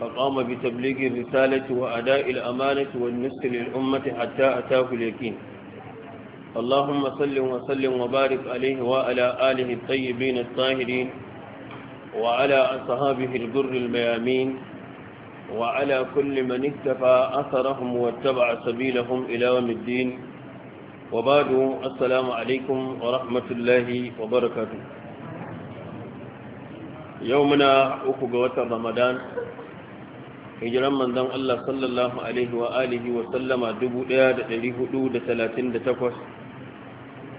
فقام بتبليغ الرسالة وأداء الأمانة والنسك للأمة حتى أتاه اليقين اللهم صل وسلم وبارك عليه وعلى آله الطيبين الطاهرين وعلى أصحابه الجر الميامين وعلى كل من اكتفى أثرهم واتبع سبيلهم إلى يوم الدين وبعد السلام عليكم ورحمة الله وبركاته يومنا أخوة رمضان hijiran manzon Allah sallallahu alaihi wa alihi wa sallama 1438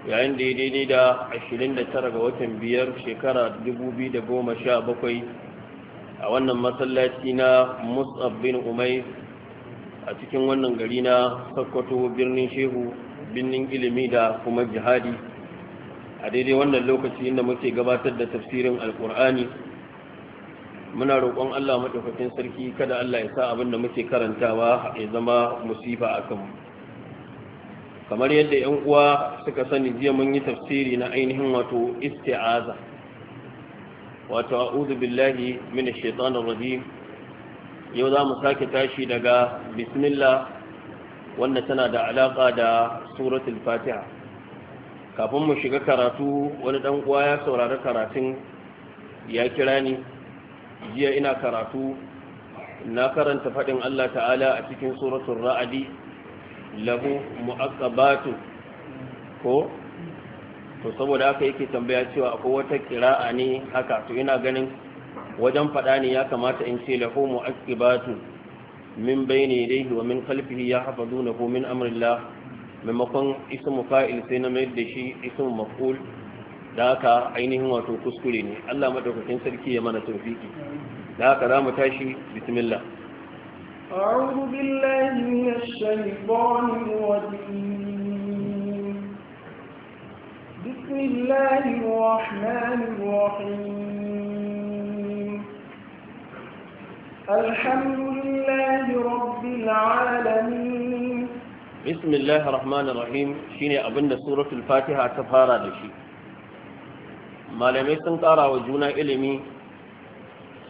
yayin da ya daidai da 29 ga watan biyar shekara 2017 a wannan masallaci na Mus'ab bin Umayr a cikin wannan gari na Sokoto birnin Shehu birnin ilimi da kuma jihadi a daidai wannan lokaci inda muke gabatar da tafsirin Alkur'ani muna roƙon Allah maɗaukakin sarki kada Allah ya sa abin da muke karantawa ya zama musifa a kanmu kamar yadda yan uwa suka sani jiya mun yi tafsiri na ainihin wato isti'aza wato a'udhu billahi minash shaitanir rajim yau za mu sake tashi daga bismillah Wannan tana da alaƙa da suratul fatiha kafin mu shiga karatu wani dan uwa ya saurari karatun ya kira ni jiya ina karatu na karanta faɗin Allah ta'ala a cikin suratul ra'adi lahu mu'aqqabatu ko to saboda haka yake tambaya cewa akwai wata kira'a ne haka to ina ganin wajen faɗa ne ya kamata in ce lahu mu'aqqibatu min bayni yadayhi wa min khalfihi yahfazunahu min amrillah maimakon ismu fa'il sai na mayar da shi ismu maf'ul da haka ainihin wato kuskure ne Allah madaukakin sarki ya mana tawfiki da haka za mu tashi bismillah أعوذ بالله من الشيطان الرجيم بسم الله الرحمن الرحيم الحمد لله رب العالمين بسم الله الرحمن الرحيم شيني أبن سورة الفاتحة تفارى لشيء malamai sun ƙara wa juna ilimi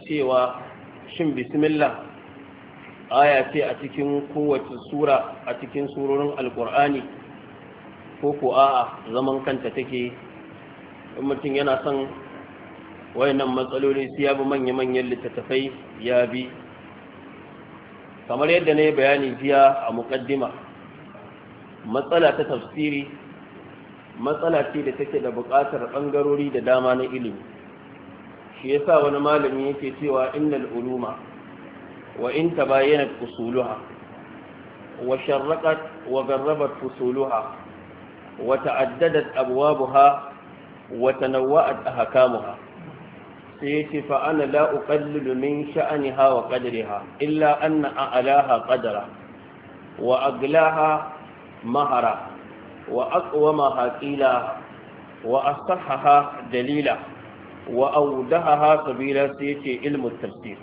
cewa shin bismillah aya ce a cikin kowace sura a cikin surorin alkur'ani ko ko a'a zaman kanta take in mutum yana son wayannan matsaloli su ya bi manya-manyan littattafai ya bi kamar yadda na yi bayani jiya a muƙaddima matsala ta tafsiri matsala ce da take da buƙatar ɓangarori da dama na ilimi shi yasa wani malami yake cewa innal uluma wa in tabayyanat usuluha wa sharraqat wa garrabat fusuluha wa ta'addadat abwabuha wa tanawwa'at ahkamuha sai yace fa ana la uqallilu min sha'aniha wa qadriha illa anna a'laha qadra wa aglaha mahara وأقومها قيلا وأصحها دليلا وأودهها سبيلا سيتي علم التفسير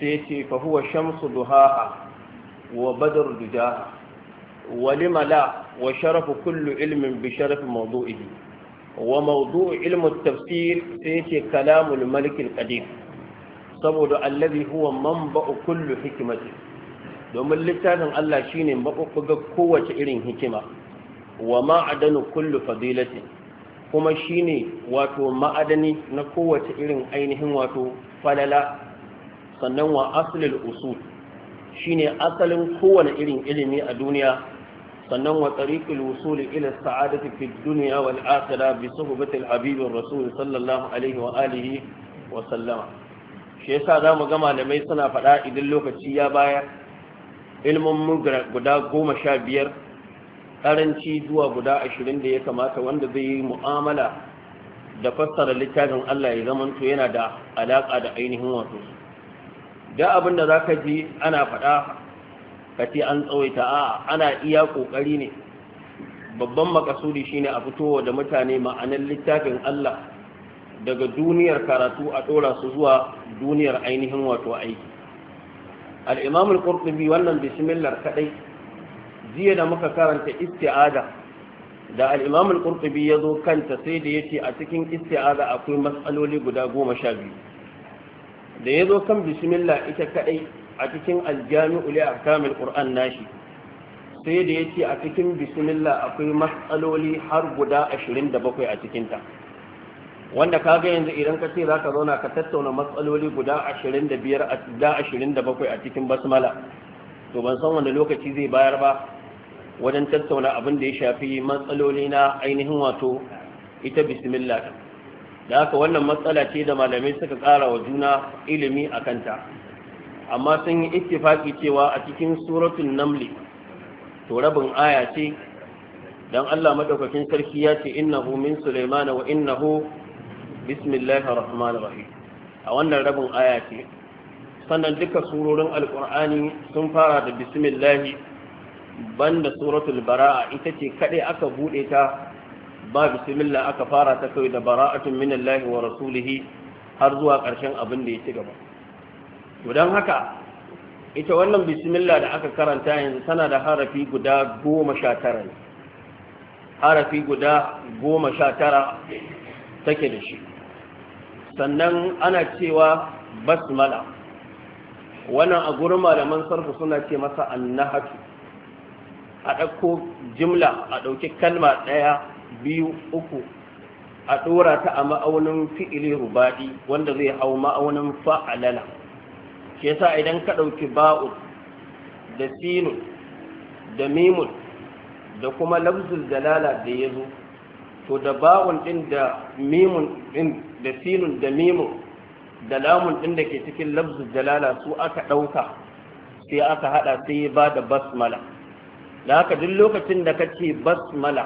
سيتي فهو شمس ضحاها وبدر دجاها ولم لا وشرف كل علم بشرف موضوعه وموضوع علم التفسير سيتي كلام الملك القديم سبب الذي هو منبأ كل حكمة domin littafin Allah shine maɓuɓɓuga kowace irin hikima wa ma'adanu kullu fadilatin kuma shine wato ma'adani na kowace irin ainihin wato falala sannan wa aslul usul shine asalin kowane irin ilimi a duniya sannan wa tariqul wusul ila sa'adati fid dunya wal akhirah bi suhbatil habibir rasul sallallahu alaihi wa alihi wa sallama shi yasa zamu ga malamai suna faɗa idan lokaci ya baya ilmin mugra guda goma sha biyar karanci zuwa guda ashirin da ya kamata wanda zai yi mu'amala da fassara littafin Allah ya zamanto yana da alaƙa da ainihin wato da abin da za ka ji ana faɗa ka ce an tsawaita a ana iya ƙoƙari ne babban makasudi shine a fitowa da mutane ma'anar littafin Allah daga duniyar karatu a ɗora su zuwa duniyar ainihin wato aiki al-imamul qurtubi wannan bismillah kadai jiya da muka karanta isti'ada da al-imam ya zo kanta sai da yace a cikin isti'ada akwai matsaloli guda goma sha biyu da ya zo kan bismillah ita kaɗai a cikin al-jami'u li ahkamil qur'an nashi sai da yace a cikin bismillah akwai matsaloli har guda 27 a cikin ta wanda kaga yanzu idan ka ce zaka zauna ka tattauna matsaloli guda 25 a a cikin basmala to ban san wanda lokaci zai bayar ba wajen tattauna abin da ya shafi matsaloli na ainihin wato ita bismillah da haka wannan matsala ce da malamai suka ƙara wa juna ilimi a kanta amma sun yi ittifaki cewa a cikin suratun namli to rabin aya ce don Allah maɗaukakin sarki ya ce innahu min sulaimana wa innahu bismillahir rahmanir rahim a wannan rabin aya ce sannan duka surorin alqur'ani sun fara da bismillahi banda suratul bara'a ita ce kadai aka bude ta ba bismillah aka fara ta kai da bara'atun minallahi wa rasulihi har zuwa karshen abin da ya ci gaba to dan haka ita wannan bismillah da aka karanta yanzu tana da harafi guda goma ne harafi guda goma take da shi sannan ana cewa basmala wannan a gurin malaman sarfu suna ce masa annahatu a ɗauko jimla a ɗauki kalma ɗaya biyu uku a ɗora ta a ma'aunin fi'ili rubaɗi wanda zai hau ma'aunin fa'alala shi yasa idan ka ɗauki ba'ul da sinu da mimul da kuma lafzul dalala da ya zo to da ba'un ɗin da mimun ɗin da sinun da mimul da lamun ɗin da ke cikin lafzul dalala su aka ɗauka sai aka haɗa sai ya ba da basmala da haka duk lokacin da kace basmala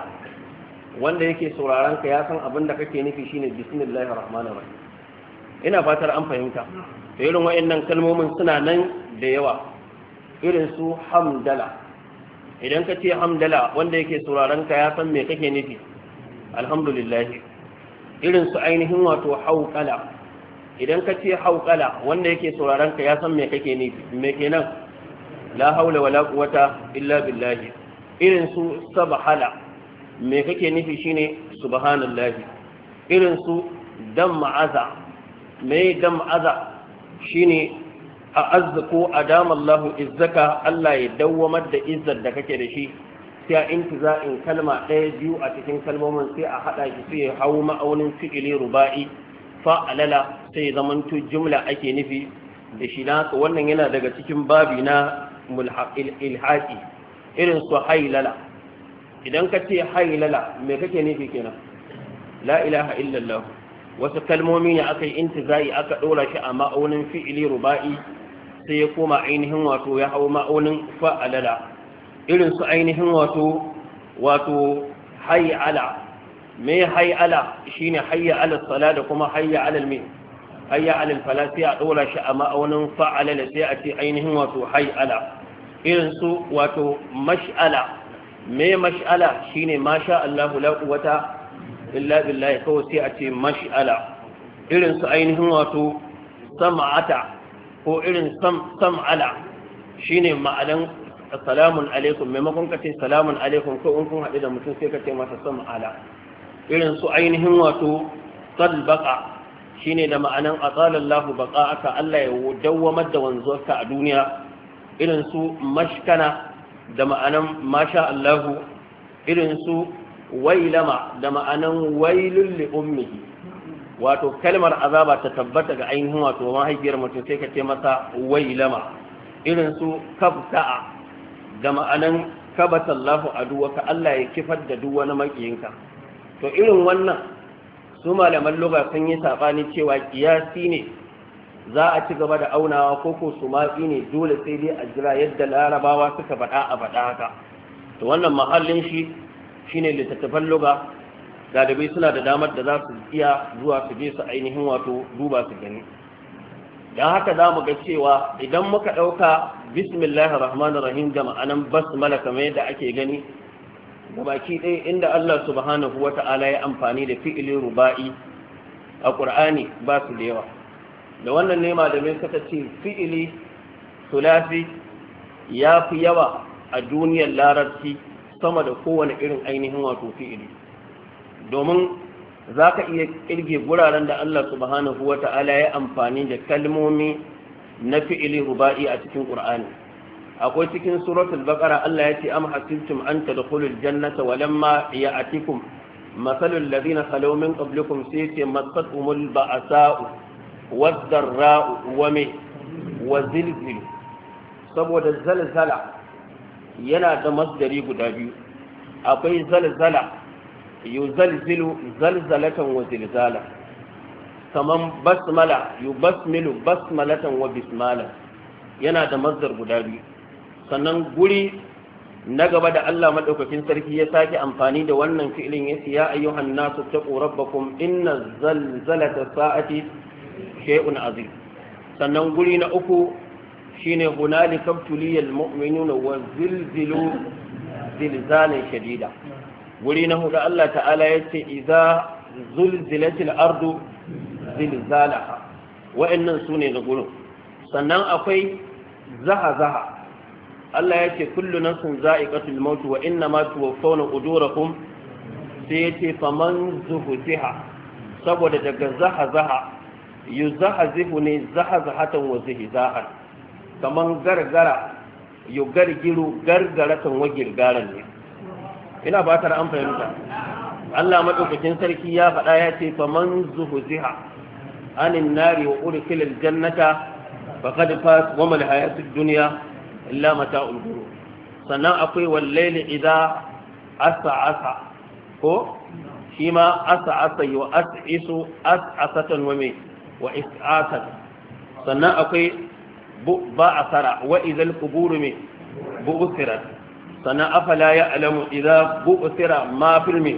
wanda yake sauraron ka ya san abin da kake nufi shine bismillahir rahmanir rahim ina fatar an fahimta to irin wayannan kalmomin suna nan da yawa irin su hamdala idan ka ce hamdala wanda yake sauraron ka ya san me kake nufi alhamdulillah irin su ainihin wato hauqala idan ka ce hauqala wanda yake sauraron ka ya san me kake nufi me kenan la haula wala quwata illa billahi irin su subhana me kake nufi shine subhanallahi irin su damma aza me damma aza shine a damar adamallahu izzaka Allah ya dawwamar da izzar da kake da shi sai a intiza'in kalma ɗaya biyu a cikin kalmomin sai a haɗa shi sai ya hau ma'aunin fi'ili ruba'i fa'alala sai zamanto jumla ake nufi da shi na wannan yana daga cikin babina. ilhaki irin su hailala idan ka ce hailala me kake nufi kenan la ilaha illallah wasu kalmomi ne aka yi intizai aka ɗora shi a ma'aunin fi'ili ruba'i sai ya koma ainihin wato ya hau ma'aunin fa'alala irin su ainihin wato wato hay'ala me hay'ala shine hayya ala sala da kuma hayya ala al hayya ala al fala sai a ɗora shi a ma'aunin fa'alala sai a ce ainihin wato hay'ala irin su wato mash'ala me mash'ala shine masha Allahu la quwwata illa billahi kawai sai a ce mash'ala irin su ainihin wato sam'ata ko irin sam'ala shine ma'anan salamun alaikum maimakon ka ce salamun alaikum ko in kun haɗu da mutum sai ka ce masa sam'ala irin su ainihin wato talbaka shine da ma'anan atsalallahu baka aka Allah ya dawwamar da wanzuwarka a duniya irin su mashkana da ma'anan masha Allahu irin su wailama da ma'anan wailul li wato kalmar azaba ta tabbata ga ainihin wato mahaifiyar mutum sai ka ce masa wailama irin su kabta'a da ma'anan kabata Allahu aduwaka Allah ya kifar da duk wani makiyinka to irin wannan su malaman lugha sun yi sabani cewa kiyasi ne za a ci gaba da aunawa ko ko su ne dole sai dai a jira yadda larabawa suka faɗa a faɗa haka to wannan mahallin shi shine littattafan luga Ɗalibai suna da damar da za su iya zuwa su je su ainihin wato duba su gani don haka za mu ga cewa idan muka ɗauka bismillahir rahmanir rahim da ma'anan basmala kamar yadda ake gani ga baki ɗaya inda Allah subhanahu wata'ala ya amfani da fi'ilin ruba'i a ƙur'ani ba su da yawa da wannan ne malamai suka ce fi'ili sulasi ya fi yawa a duniyar larabci sama da kowane irin ainihin wato fi'ili domin za ka iya kirge guraren da Allah subhanahu wa ta'ala ya amfani da kalmomi na fi'ili ruba'i a cikin ƙur'ani akwai cikin suratul baqara Allah ya ce am hasibtum an tadkhulul jannata walamma ya'atikum masalul ladina khalaw min qablikum sayyi'atun massatuhumul ba'sa'u والضراء ومه وزلزل saboda zalzala yana da masdari guda biyu akwai zalzala zalzilu, zalzalatan wa zilzala Saman basmala basmilu, basmalatan wa bismala yana da masdar guda biyu sannan guri na gaba da Allah maɗaukakin sarki ya sake amfani da wannan fi'ilin yace ya ayyuhan nasu taqu rabbakum inna zalzalata sa'ati shay'un azim sannan guri na uku shine hunalika tuliyal mu'minuna wa zilzilu zilzalan shadida guri na hudu Allah ta'ala yace idza zulzilatil ardu zilzalaha wa'annan sune da gurin sannan akwai zaha zaha Allah yace kullu nafsin za'iqatul maut wa innama tuwaffawna ujurakum sai yace faman zuhziha saboda daga zaha zaha zihu ne zahazahatan wa zihizahan kaman gargara yu gargiru gargaratan wa garan ne ina ba ta an fahimta Allah madaukakin sarki ya faɗa ya ce faman zuhziha anin nari wa urkil aljannata faqad faz wa mal hayatud duniya illa mata ghurur sannan akwai wallayli idza asa asa ko shi ma asa asa yu isu as'asatan wa wame. wa is'asan sannan akwai ba'asara wa idal quburu me bu'sirat sannan afala ya'lamu idza bu'sira ma fil me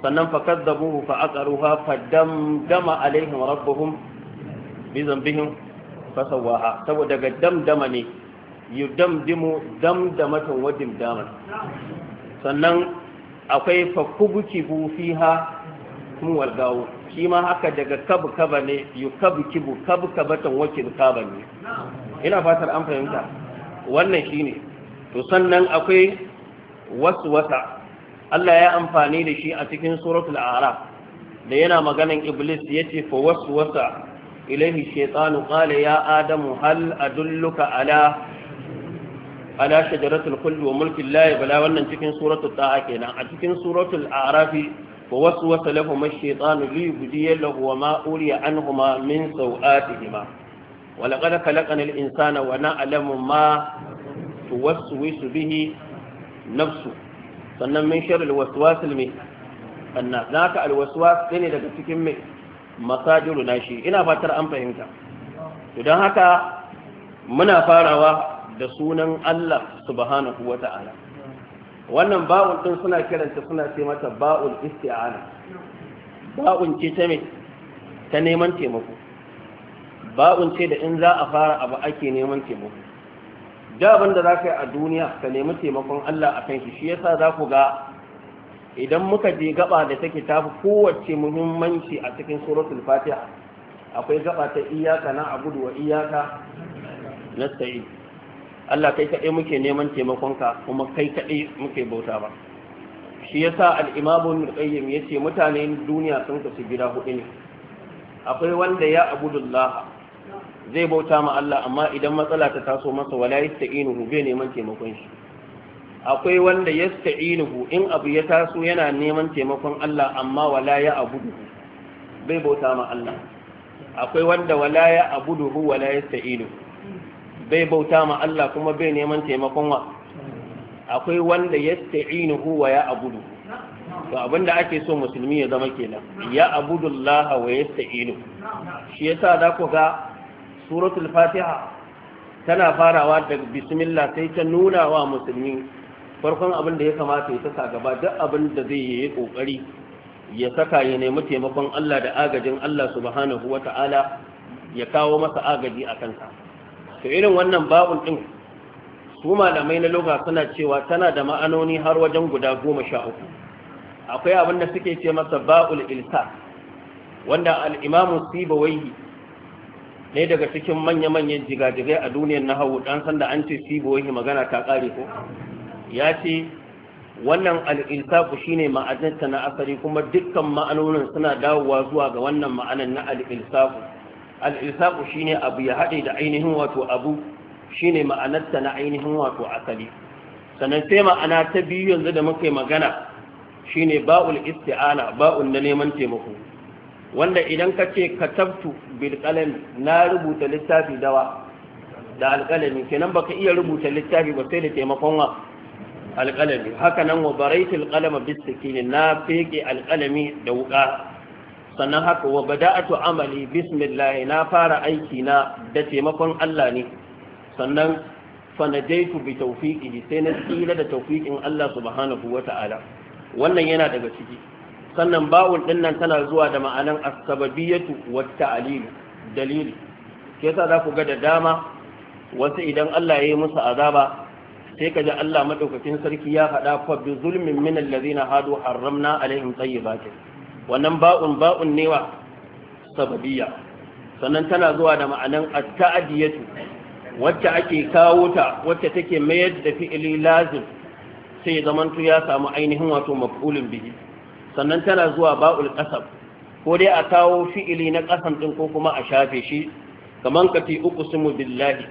sannan buhu fa aqaruha fadamdama alaihim rabbuhum bi dhanbihim fasawaha saboda ga damdama ne yudamdimu damdamatan wajen damar sannan akwai fakubuki bu fiha mu walgawo shi ma haka daga kabu kaba ne yu kabu kibu kabu kabatan wakil kaba ne ina fatar an fahimta wannan shine to sannan akwai waswasa Allah ya amfani da shi a cikin suratul a'raf da yana maganan iblis yace fa wasu waswasa ilaihi shaytanu qala ya adamu hal adulluka ala ala shajaratul khuld wa mulkin la yabla wannan cikin suratul ta'a kenan a cikin suratul a'rafi ووسوس لهما الشيطان ليبدي لهما أولي عنهما من سوآتهما ولقد خلقنا الإنسان ونعلم ما توسوس به نفسه sannan min shar alwaswas almi anna zaka alwaswas ne daga cikin mai masajiru nashi ina fatar an fahimta to don haka muna farawa da sunan Allah subhanahu wannan ba'un din suna kiranta suna ce mata ba'ul isti'ana ba'un ce ta me ta neman taimako ba'un ce da in za a fara abu ake neman taimako da abin da za ka yi a duniya ka nemi taimakon Allah a kan shi shi yasa za ku ga idan muka je gaba da take tafi kowace muhimmanci a cikin suratul fatiha akwai gaba ta iyaka na abudu wa iyaka nasta'in Allah kai kaɗai muke neman taimakonka kuma kai kaɗai muke bauta ba shi ya sa al'imabu al ya ce mutane duniya sun kasu gida hudu ne akwai wanda ya abudullah zai bauta ma Allah amma idan matsala ta taso masa wala yasta'inuhu bai neman taimakon shi akwai wanda ya yasta'inuhu in abu ya taso yana neman taimakon Allah amma wala ya abudu bai bauta ma Allah akwai wanda wala ya abuduhu wala yasta'inuhu bai bauta ma Allah kuma bai neman taimakon wa akwai wanda yasta'inuhu wa ya abudu to abinda ake so musulmi ya zama kenan ya Abudu Allah wa yasta'inu shi yasa za ku ga suratul fatiha tana farawa da bismillah sai ta nuna wa musulmi farkon abin da ya kamata ya saka gaba duk abin da zai yi kokari ya saka ya nemi taimakon Allah da agajin Allah subhanahu wata'ala ya kawo masa agaji a kansa to irin wannan babun ɗin, su malamai na loga suna cewa tana da ma'anoni har wajen guda goma sha akwai abin da suke ce masa ba'ul ilsa wanda al'imamu sibawaihi ne daga cikin manya-manyan jigajigai a duniyar na hau dan sanda an ce sibawaihi magana ta kare ko ya ce wannan al'ilsaku shine ma'anarta na asali kuma dukkan ma'anonin suna dawowa zuwa ga wannan ma'anar na al'ilsaku shi ne abu ya haɗe da ainihin wato abu ne ma'anarta na ainihin wato asali sannan sai ma'ana ta biyu yanzu da muka magana shine ba'ul isti'ana ba'ul na neman taimako wanda idan ka ce katabtu bil na rubuta littafi dawa da alƙalami kenan baka iya rubuta littafi ba sai da taimakon wa alƙalami haka nan wa baraitul qalama bis na feke alƙalami da wuƙa sannan haka wa bada'atu amali bismillah na fara aiki na da taimakon Allah ne sannan fanajaitu bi tawfiqihi sai na tsira da tawfiqin Allah subhanahu wata'ala wannan yana daga ciki sannan bawun din nan tana zuwa da ma'anan asbabiyatu sababiyatu wat ta'lil dalili ke yasa za ku ga da dama wasu idan Allah ya yi musu azaba sai ka ji Allah madaukakin sarki ya faɗa fa bi zulmin min allazina hadu harramna alaihim tayyibatin wannan ba'un ba'un ne wa sababiyya sannan tana zuwa da ma'anan atta'adiyatu wacce ake kawo ta wacce take mayar da fi'ili lazim sai zamantu ya samu ainihin wato maf'ulin bihi sannan tana zuwa ba'ul qasab ko dai a kawo fi'ili na ƙasan ɗin ko kuma a shafe shi kaman ka ce uqsimu billahi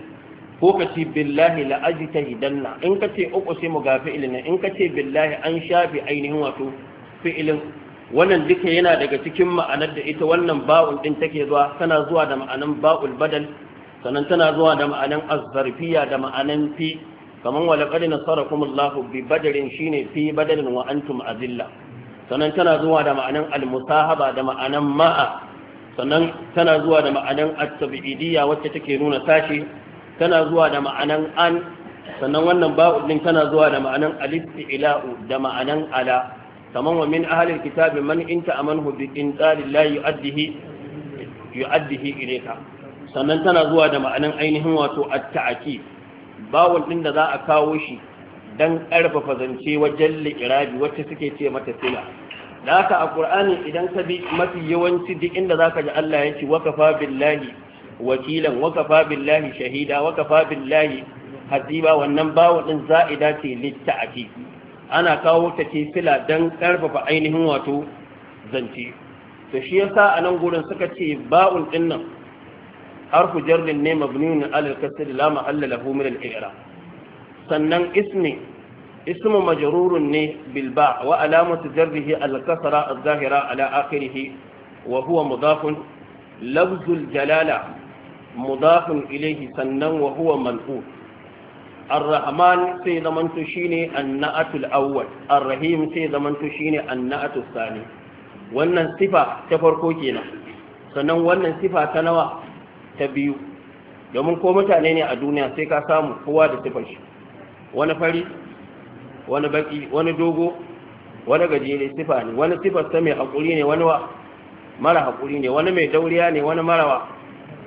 ko ka ce billahi la ajtahidanna in ka ce uqsimu ga fi'ilin in ka ce billahi an shafe ainihin wato fi'ilin wannan duka yana daga cikin ma'anar da ita wannan ba'ul din take zuwa tana zuwa da ma'anan ba'ul badal sannan tana zuwa da ma'anan azzarfiya da ma'anan fi kaman wa laqad nasarakumullahu bi badrin shine fi badalin wa antum azilla sannan tana zuwa da ma'anan almusahaba da ma'anan ma'a sannan tana zuwa da ma'anan at-tabi'idiyya wacce take nuna tashi tana zuwa da ma'anan an sannan wannan ba'ul din tana zuwa da ma'anan alif ilau da ma'anan ala kaman wa min ahlil kitabi man in ta'amanhu bi qintalin la yu'addihi yu'addihi ilayka sannan tana zuwa da ma'anin ainihin wato at-ta'kid bawul din da za a kawo shi dan karfafa zance wajen li'irabi wacce suke ce mata sila da haka a qur'ani idan ka bi mafi yawanci duk inda zaka ji Allah ya ce wa billahi wakilan wa billahi shahida wa kafa billahi hasiba wannan bawul din za'ida ce lit-ta'kid ana kawo ta ce fila don ƙarfafa ainihin wato zance to shi yasa a nan gurin suka ce ba'un ɗinnan nan harfu jarrin ne mabniyun alal kasr la mahalla lahu min al i'rab sannan ismi ismu majrurun ne bil ba wa alamatu jarrihi al kasra al zahira ala akhirih wa huwa mudafun lafzul jalala mudafun ilayhi sannan wa huwa الرحمن سي زمنت شيني النعت الأول الرحيم سي زمنت شيني النعت الثاني wannan sifa ta farko kenan sannan wannan sifa ta nawa ta biyu domin ko mutane ne a duniya sai ka samu kowa da sifar shi wani fari wani baki wani dogo wani gajere sifa ne wani sifar ta mai haƙuri ne wani wa mara haƙuri ne wani mai dauriya ne wani marawa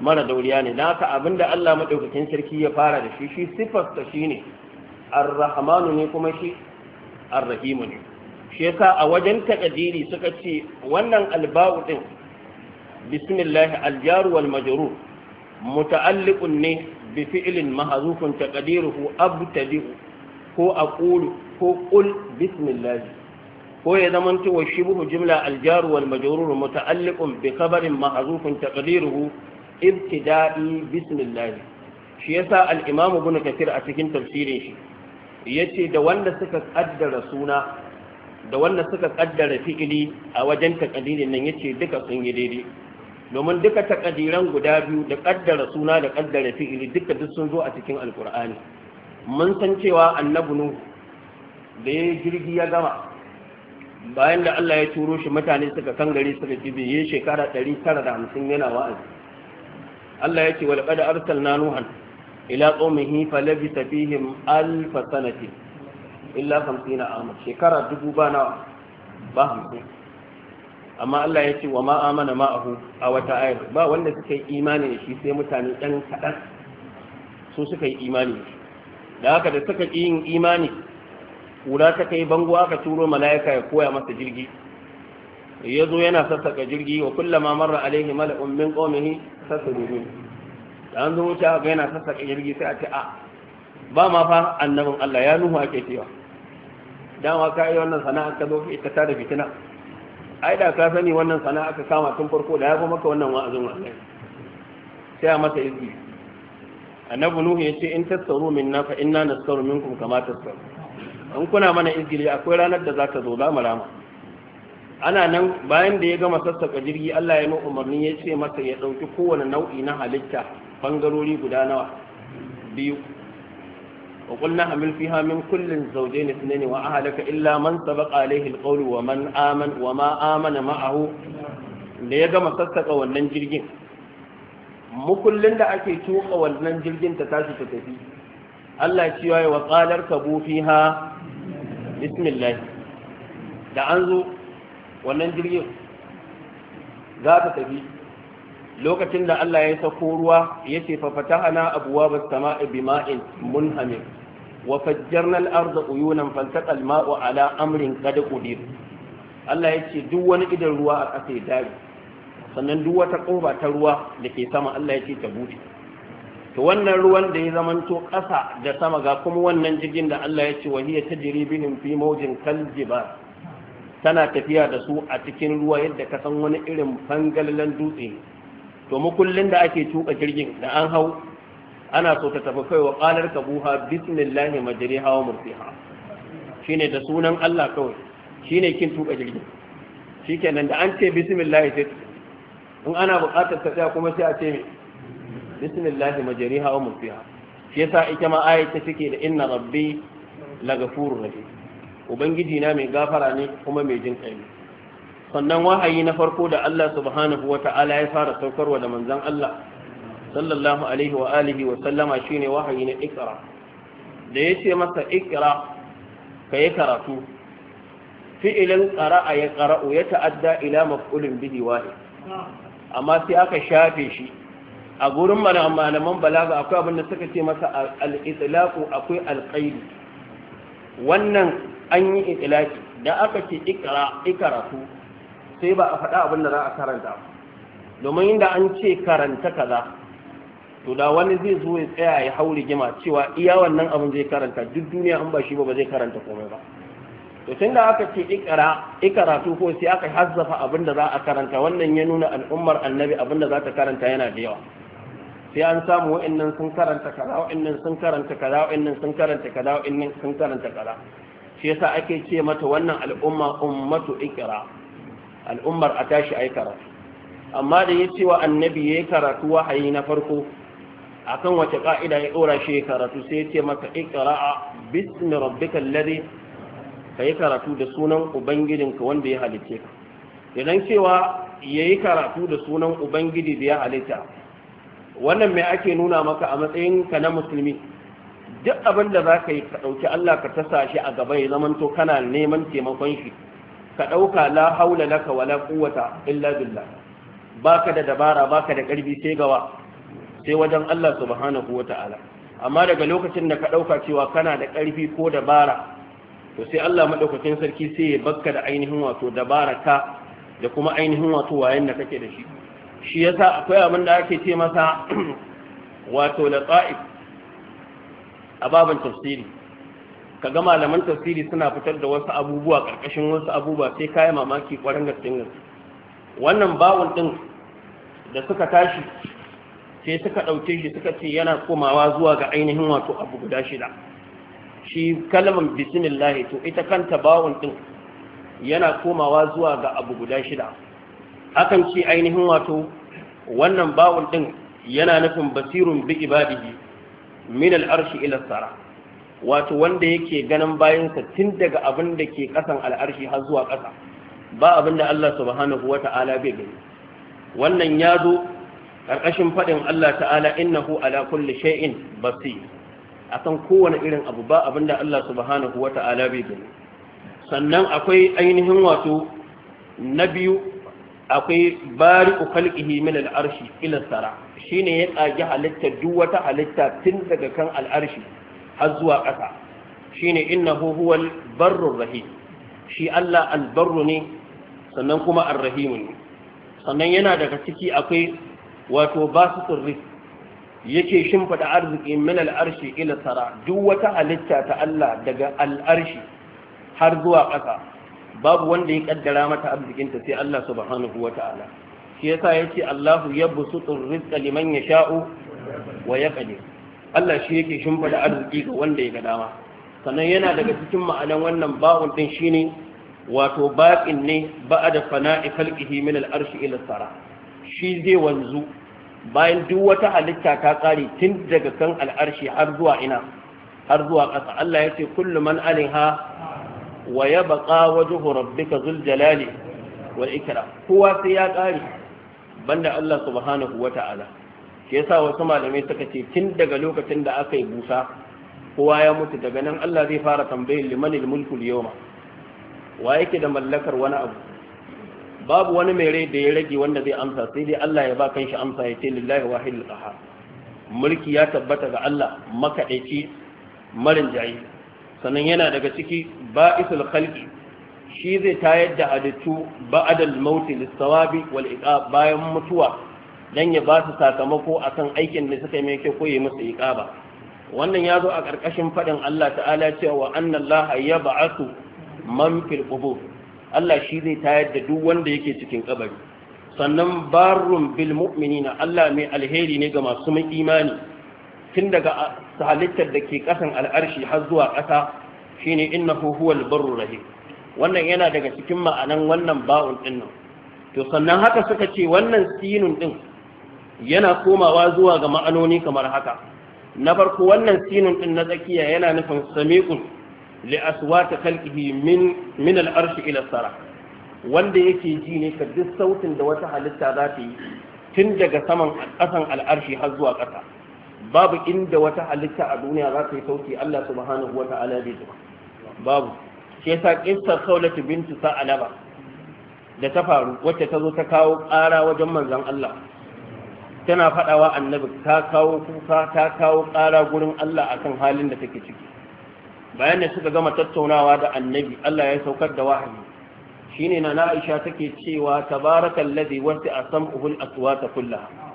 mara dauriya ne Na haka abinda Allah madaukakin sarki ya fara da shi shi sifar ta shine ar-rahmanu ne kuma shi ar ne shi yasa a wajen takadiri suka ce wannan alba'u din bismillah al-jar wal majrur muta'alliqun ne bi fi'lin mahzufun taqdiruhu abtadi'u ko aqulu ko qul bismillah ko ya zamanto wa shibhu jumla al-jar wal majrur muta'alliqun bi khabarin mahzufun taqdiruhu ibtida'i bismillah shi yasa al-imamu ibn kathir a cikin tafsirin shi yace da wanda suka kaddara suna da wanda suka kaddara fi'ili a wajen takadirin nan yace duka sun yi daidai domin duka takadiran guda biyu da kaddara suna da kaddara fi'ili duka duk sun zo a cikin alkur'ani mun san cewa annabi nu da ya jirgi ya gama bayan da Allah ya turo shi mutane suka kangare suka kibe ya shekara 950 yana wa'azi Allah ya yake wa laqad na nuhan ila qaumihi falabitha fihim alf sanati illa 50 ama shekara dubu ba nawa ba hamsin amma Allah ya ce wa ma amana ma ma'ahu a wata ayar ba wanda suka yi imani da shi sai mutane ɗan kaɗan su suka yi imani da shi da haka da suka yi yin imani ƙura ta kai bango aka turo mala'ika ya koya masa jirgi ya zo yana sassaka jirgi wa kullama marra alaihi mala'un min qaumihi sasruhu an zo wuce ga yana sassaka jirgi sai a ce a ah, ba ma fa annabin Allah ya nuhu ake cewa dama ka yi wannan sana'a ka zo ita ta da fitina ai da ka sani wannan sana'a ka kama tun farko da ya fi maka wannan wa'azin wallahi sai a masa izini annabi nuhu ya ce in tattaru minna fa inna nasaru minkum kama tastaru in kuna mana izini akwai ranar da za ka zo za mu rama ana nan bayan da ya gama sassaka jirgi Allah ya umarni ya ce masa ya ɗauki kowane nau'i na halitta bangarori guda nawa biyu wa qulna hamil fiha min kullin zawjayn ithnayn wa ahlaka illa man sabaqa alayhi alqawl wa man aman wa ma amana ma'ahu da ya gama sassaka wannan jirgin mukullin da ake tuka wannan jirgin ta tashi ta tafi Allah cewa wa qalar kabu fiha bismillah da an zo wannan jirgin za ta tafi lokacin da Allah ya sako ruwa ya ce fa fatahana abwaaba as-samaa'i bima'in munhamir wa fajjarna al-arda uyunan fantaqa al-ma'u ala amrin qad qadir Allah ya ce duk wani idan ruwa a ƙasa ya dare sannan duk wata ƙofa ta ruwa da ke sama Allah ya ce ta buɗe to wannan ruwan da ya zamanto ƙasa da sama ga kuma wannan jirgin da Allah ya ce wahiya tajri bihim fi mawjin kaljibal tana tafiya da su a cikin ruwa yadda ka san wani irin fangalalan dutse to kullun da ake tuka jirgin da an hau ana so ta tafi kai wa qalar kabuha bismillahi majriha wa murtiha shine da sunan Allah kawai shine kin tuka jirgin shikenan da an ce bismillahi sai in ana buƙatar ta tsaya kuma sai a ce bismillahi majriha wa murtiha shi yasa ita ma ayat take da inna rabbi lagafurur rahim ubangiji na mai gafara ne kuma mai jin kai sannan wahayi na farko da Allah subhanahu Ta'ala ya fara saukarwa da manzon Allah sallallahu alaihi wa alihi wa sallama shine wahayi na ikra da ce masa ikra yi karatu fi'ilin qara'a ya qara'u ya ta'adda ila maf'ulin bihi wahid amma sai aka shafe shi a gurin malaman balaga akwai abin da suka ce masa al-itlaqu akwai al-qaid wannan an yi itilaki da aka ce ikaratu sai ba a faɗa abin da za a karanta domin inda an ce karanta kaza to da wani zai zo ya tsaya ya hau rigima cewa iya wannan abin zai karanta duk duniya an ba shi ba zai karanta komai ba to tun da aka ce ikaratu ko sai aka hazzafa abin da za a karanta wannan ya nuna al'ummar annabi abin da za ta karanta yana da yawa sai an samu wa'annan sun karanta kaza wa'annan sun karanta kaza wa'annan sun karanta kaza wa'annan sun karanta kaza shi yasa ake ce mata wannan al'umma ummatu ikra al'ummar a tashi ai karatu amma da ya cewa wa annabi yi karatu wahayi na farko akan wace ka'ida ya dora shi karatu sai ya ce maka ikra'a bismi rabbika ladhi kai karatu da sunan ubangijinka wanda ya halice ka idan cewa yayi karatu da sunan ubangiji da ya halitta wannan mai ake nuna maka a matsayin ka na musulmi duk abin da za ka yi ka ɗauki Allah ka tasa shi a gaba ya zamanto kana neman taimakon shi ka ɗauka la haula laka wala quwwata illa billah baka da dabara baka da ƙarfi sai gawa sai wajen Allah subhanahu wata'ala amma daga lokacin da ka ɗauka cewa kana da karfi ko dabara to sai Allah madaukakin sarki sai ya bakka da ainihin wato dabara ka da kuma ainihin wato wayan da kake da shi shi yasa akwai abin da ake ce masa wato laqa'ib a babin tafsiri ga malaman tafsiri suna fitar da wasu abubuwa karkashin wasu abubuwa sai kai mamaki kwarin gaskiya wannan bawon din da suka tashi sai suka dauke shi suka ce yana komawa zuwa ga ainihin wato abu guda shida shi kalmar bismillah to ita kanta bawon din yana komawa zuwa ga abu guda shida akan ce ainihin wato wannan bawon din yana nufin basirun bi ibadihi min al'arshi ila sara wato wanda yake ganin bayansa tun daga abin da ke kasan al'arshi har zuwa kasa ba abin da Allah subhanahu wata'ala bai gani wannan ya zo ƙarƙashin faɗin Allah ta'ala innahu ala kulli shay'in basir akan kowane irin abu ba abin da Allah subhanahu wata'ala bai gani sannan akwai ainihin wato na biyu akwai bari ukhalqihi min al-arshi ila sara shine ya kage halitta duk wata halitta tun daga kan al-arshi har zuwa ƙasa shine innahu huwal barrur rahim shi Allah al-barru ne sannan kuma ar-rahim ne sannan yana daga ciki akwai wato basitur rizq yake shimfida arziki min al-arshi ila sara duk wata halitta ta Allah daga al-arshi har zuwa ƙasa babu wanda ya kaddara mata arzikinta sai Allah subhanahu wa ta'ala shi yasa yace Allahu yabsutur rizqa liman sha'o? wa yaqdir Allah shi yake shimfida arziki ga wanda ya ga dama sannan yana daga cikin ma'anan wannan ɗin shi ne, wato baqin ne da fana'i khalqihi min al'arshi ila shi zai wanzu bayan duk wata halitta ta kare tun daga kan al'arshi har zuwa ina har zuwa ƙasa Allah ya ce kullu man ha. wa ya baƙa waje horabbika zul jalali wa Ikira, kowa sai ya ƙare banda Allah subhanahu wa ta'ala shi yasa wasu malamai suka ce tun daga lokacin da aka yi busa kowa ya mutu daga nan Allah zai fara tambayar limanin mulkul yawma wa yake da mallakar wani abu babu wani mai rai da ya rage wanda zai amsa sai dai Allah ya ba shi amsa ya ce lillahi wahidul qahhar mulki ya tabbata ga Allah makaɗaici marin jayi sannan yana daga ciki ba'isul khalqi shi zai tayar da halittu ba'adal mauti lissawabi wal iqab bayan mutuwa dan ya ba su sakamako akan aikin da suka yi mai kyau ko yi musu iqaba wannan ya zo a ƙarƙashin faɗin Allah ta'ala cewa annallaha yab'athu man fil qubur Allah shi zai tayar da duk wanda yake cikin kabari sannan barrun bil mu'minina Allah mai alheri ne ga masu imani tun daga halittar da ke ƙasan al'arshi har zuwa ƙasa shine innahu huwal barru rahim wannan yana daga cikin ma'anan wannan ba'un din nan to sannan haka suka ce wannan sinun ɗin yana komawa zuwa ga ma'anoni kamar haka na farko wannan sinun ɗin na tsakiya yana nufin samiqun li aswati khalqihi min min al'arshi wanda yake ji ne ka duk sautin da wata halitta za ta yi tun daga saman ƙasan al'arshi har zuwa ƙasa babu inda wata halitta a duniya za ta yi sauki Allah subhanahu wa ta'ala bai zuba babu shi yasa qissar khawlatu bint sa'alaba da ta faru wacce ta zo ta kawo ƙara wajen manzon Allah tana faɗawa annabi ta kawo kuka ta kawo ƙara gurin Allah akan halin da take ciki bayan da suka gama tattaunawa da annabi Allah ya saukar da wahayi shine na Aisha take cewa tabarakallazi wasi'a sam'uhul aswata kullaha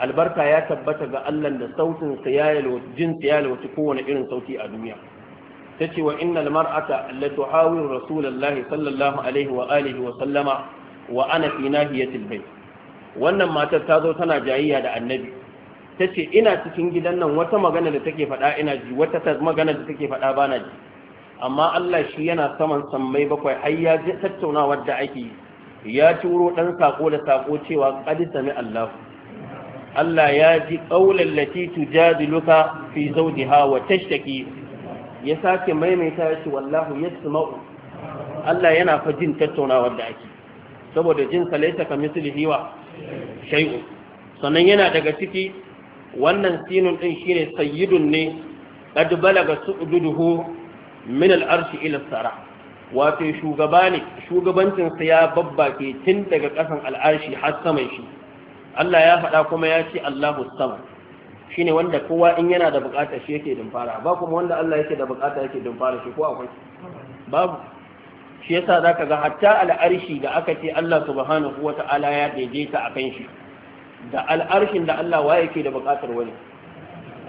albarka ya tabbata ga Allah da sautin sa ya yalwaci jin ya yalwaci kowane irin sauti a duniya ce wa innal mar'ata allatu tuhawiru rasulullahi sallallahu alaihi wa alihi wa sallama wa ana fi nahiyatil bayt wannan matar ta zo tana jayayya da annabi tace ina cikin gidan nan wata magana da take faɗa ina ji wata magana da take faɗa bana ji amma Allah shi yana saman sammai bakwai har ya je tattaunawa da ake ya turo dan sako da sako cewa qad sami allahu Allah ya ji ƙaular lati tujadiluka fi zawjiha wa tashtaki ya sake maimaita shi wallahu yasma'u Allah yana fa jin tattaunawar da ake saboda jin salaita ka misali wa shay'u sannan yana daga ciki wannan sinun din shine sayyidun ne qad balaga su'duduhu min al-arshi ila sara wato shugaba ne shugabancin sa ya babbake tun daga kasan al'ashi, har saman shi Allah ya faɗa kuma ya ce Allahu Shi ne wanda kowa in yana da bukata shi yake dumfara ba kuma wanda Allah yake da bukata yake dumfara shi ko akwai babu shi yasa ka ga hatta al'arshi da aka ce Allah subhanahu ta'ala ya a akan shi da al'arshin da Allah wa yake da bukatar wani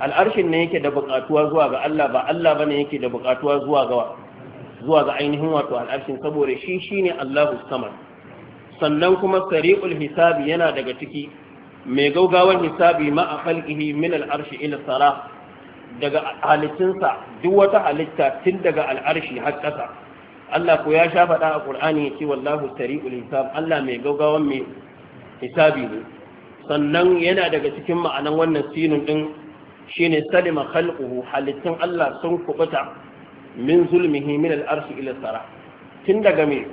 al'arshin ne yake da bukatuwa zuwa ga Allah ba Allah bane yake da bukatuwa zuwa ga zuwa ga ainihin wato al'arshin saboda shi shine Allahu samad sannan kuma sari'ul hisabi yana daga ciki mai gaugawan hisabi ma'a khalqihi min al'arshi ila sara daga halittinsa duk wata halitta tun daga al'arshi har ƙasa Allah ko ya sha faɗa a Qur'ani yace wallahu sari'ul hisab Allah mai gaugawan mai hisabi ne sannan yana daga cikin ma'anan wannan sinin din shine salima khalquhu Halittin Allah sun kubuta min zulmihi min al'arshi arshi ila sara tun daga mai.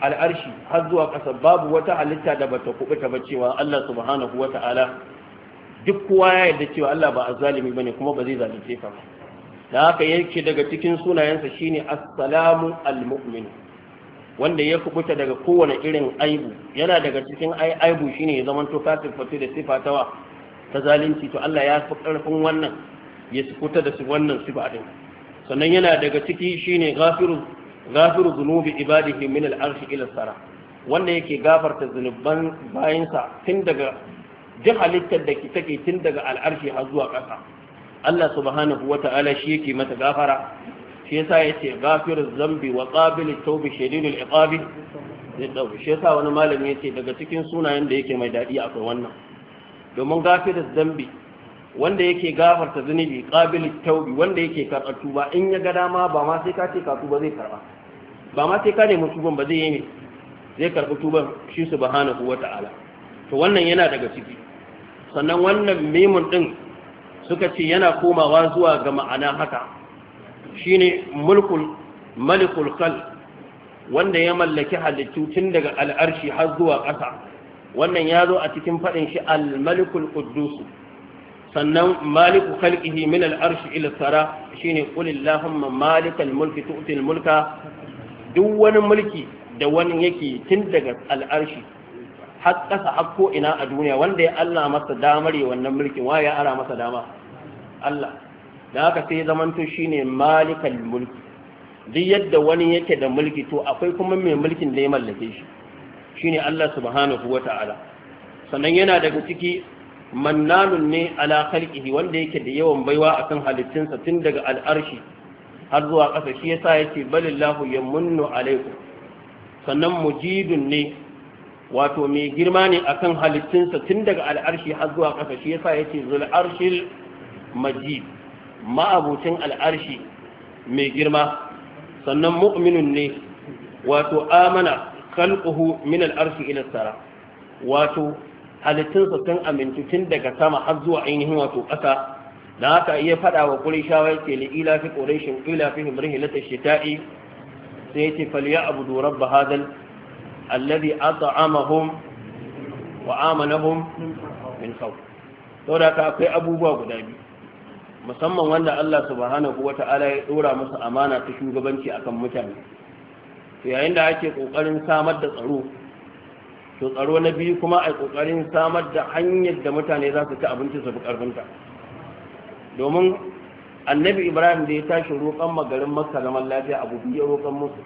al'arshi har zuwa ƙasa babu wata halitta da bata kubuta ba cewa Allah subhanahu wa ta'ala duk kowa ya yarda cewa Allah ba azzalimi bane kuma ba zai zalunce ka ba da haka yake daga cikin sunayensa shine assalamu almu'min wanda ya kubuta daga kowane irin aibu yana daga cikin ai aibu shine ya zama to kafin fatu da sifatawa ta zalunci to Allah ya fi karfin wannan ya kuta da su wannan sifa sannan yana daga ciki shine gafiru. غافر ذنوب عباده من العرش إلى الثرى wanda yake gafarta zunuban bayansa tun daga duk halittar da take tun daga al'arshi har zuwa ƙasa Allah subhanahu wa ta'ala shi yake mata gafara shi yasa yace ghafiruz zambi wa qabilut tawbi shadidul iqabi zai shi yasa wani malami yace daga cikin sunayen da yake mai dadi akwai wannan domin ghafiruz zambi wanda yake gafarta zunubi qabil taubi wanda yake karɓar tuba in ya ga dama ba ma sai ka ce ka tuba zai karɓa ba ma sai ka nemi tuban ba zai yi zai karɓi tuban shi subhanahu wata'ala to wannan yana daga ciki sannan wannan mimun din suka ce yana komawa zuwa ga ma'ana haka shine mulkul malikul khalq wanda ya mallaki halittu tun daga al'arshi har zuwa ƙasa wannan ya zo a cikin faɗin shi al-malikul quddus sannan maliku khalqihi min al-arshi ila sara shine qul allahumma malikal mulki tu'til mulka duk wani mulki da wani yake tun daga al'arshi har ƙasa har ko ina a duniya wanda ya Allah masa damar ya wannan mulkin waye ya ara masa dama Allah da haka sai zamanto shine malikal mulki duk yadda wani yake da mulki to akwai kuma mai mulkin da ya mallake shi shine Allah subhanahu wata'ala sannan yana daga ciki mannanun ne ala khalqihi wanda yake da yawan baiwa akan halittinsa tun daga al'arshi har zuwa ƙasa shi yasa yace balillahu yamunnu alaikum sannan mujidun ne wato mai girma ne akan halittinsa tun daga al'arshi har zuwa ƙasa shi yasa yace zul arshil majid ma'abucin al'arshi mai girma sannan mu'minun ne wato amana khalquhu min al'arshi ila sara wato halittunsa sun aminci tun daga sama har zuwa ainihin wato ƙasa da haka iya faɗa wa ƙurishawa ya ce li ila fi ƙurishin ila fi himrin hilata shita'i sai ce faliya abu durar bahadal alladhi at'amahum wa amanahum min Sau saboda haka akwai abubuwa guda biyu musamman wanda Allah subhanahu ta'ala ya dora musu amana ta shugabanci akan mutane yayin da ake ƙoƙarin samar da tsaro to tsaro na biyu kuma a kokarin samar da hanyar da mutane za su ci abinci su fi karfinta domin annabi ibrahim da ya tashi roƙon magarin makka zaman lafiya abu biyu ya roƙon musu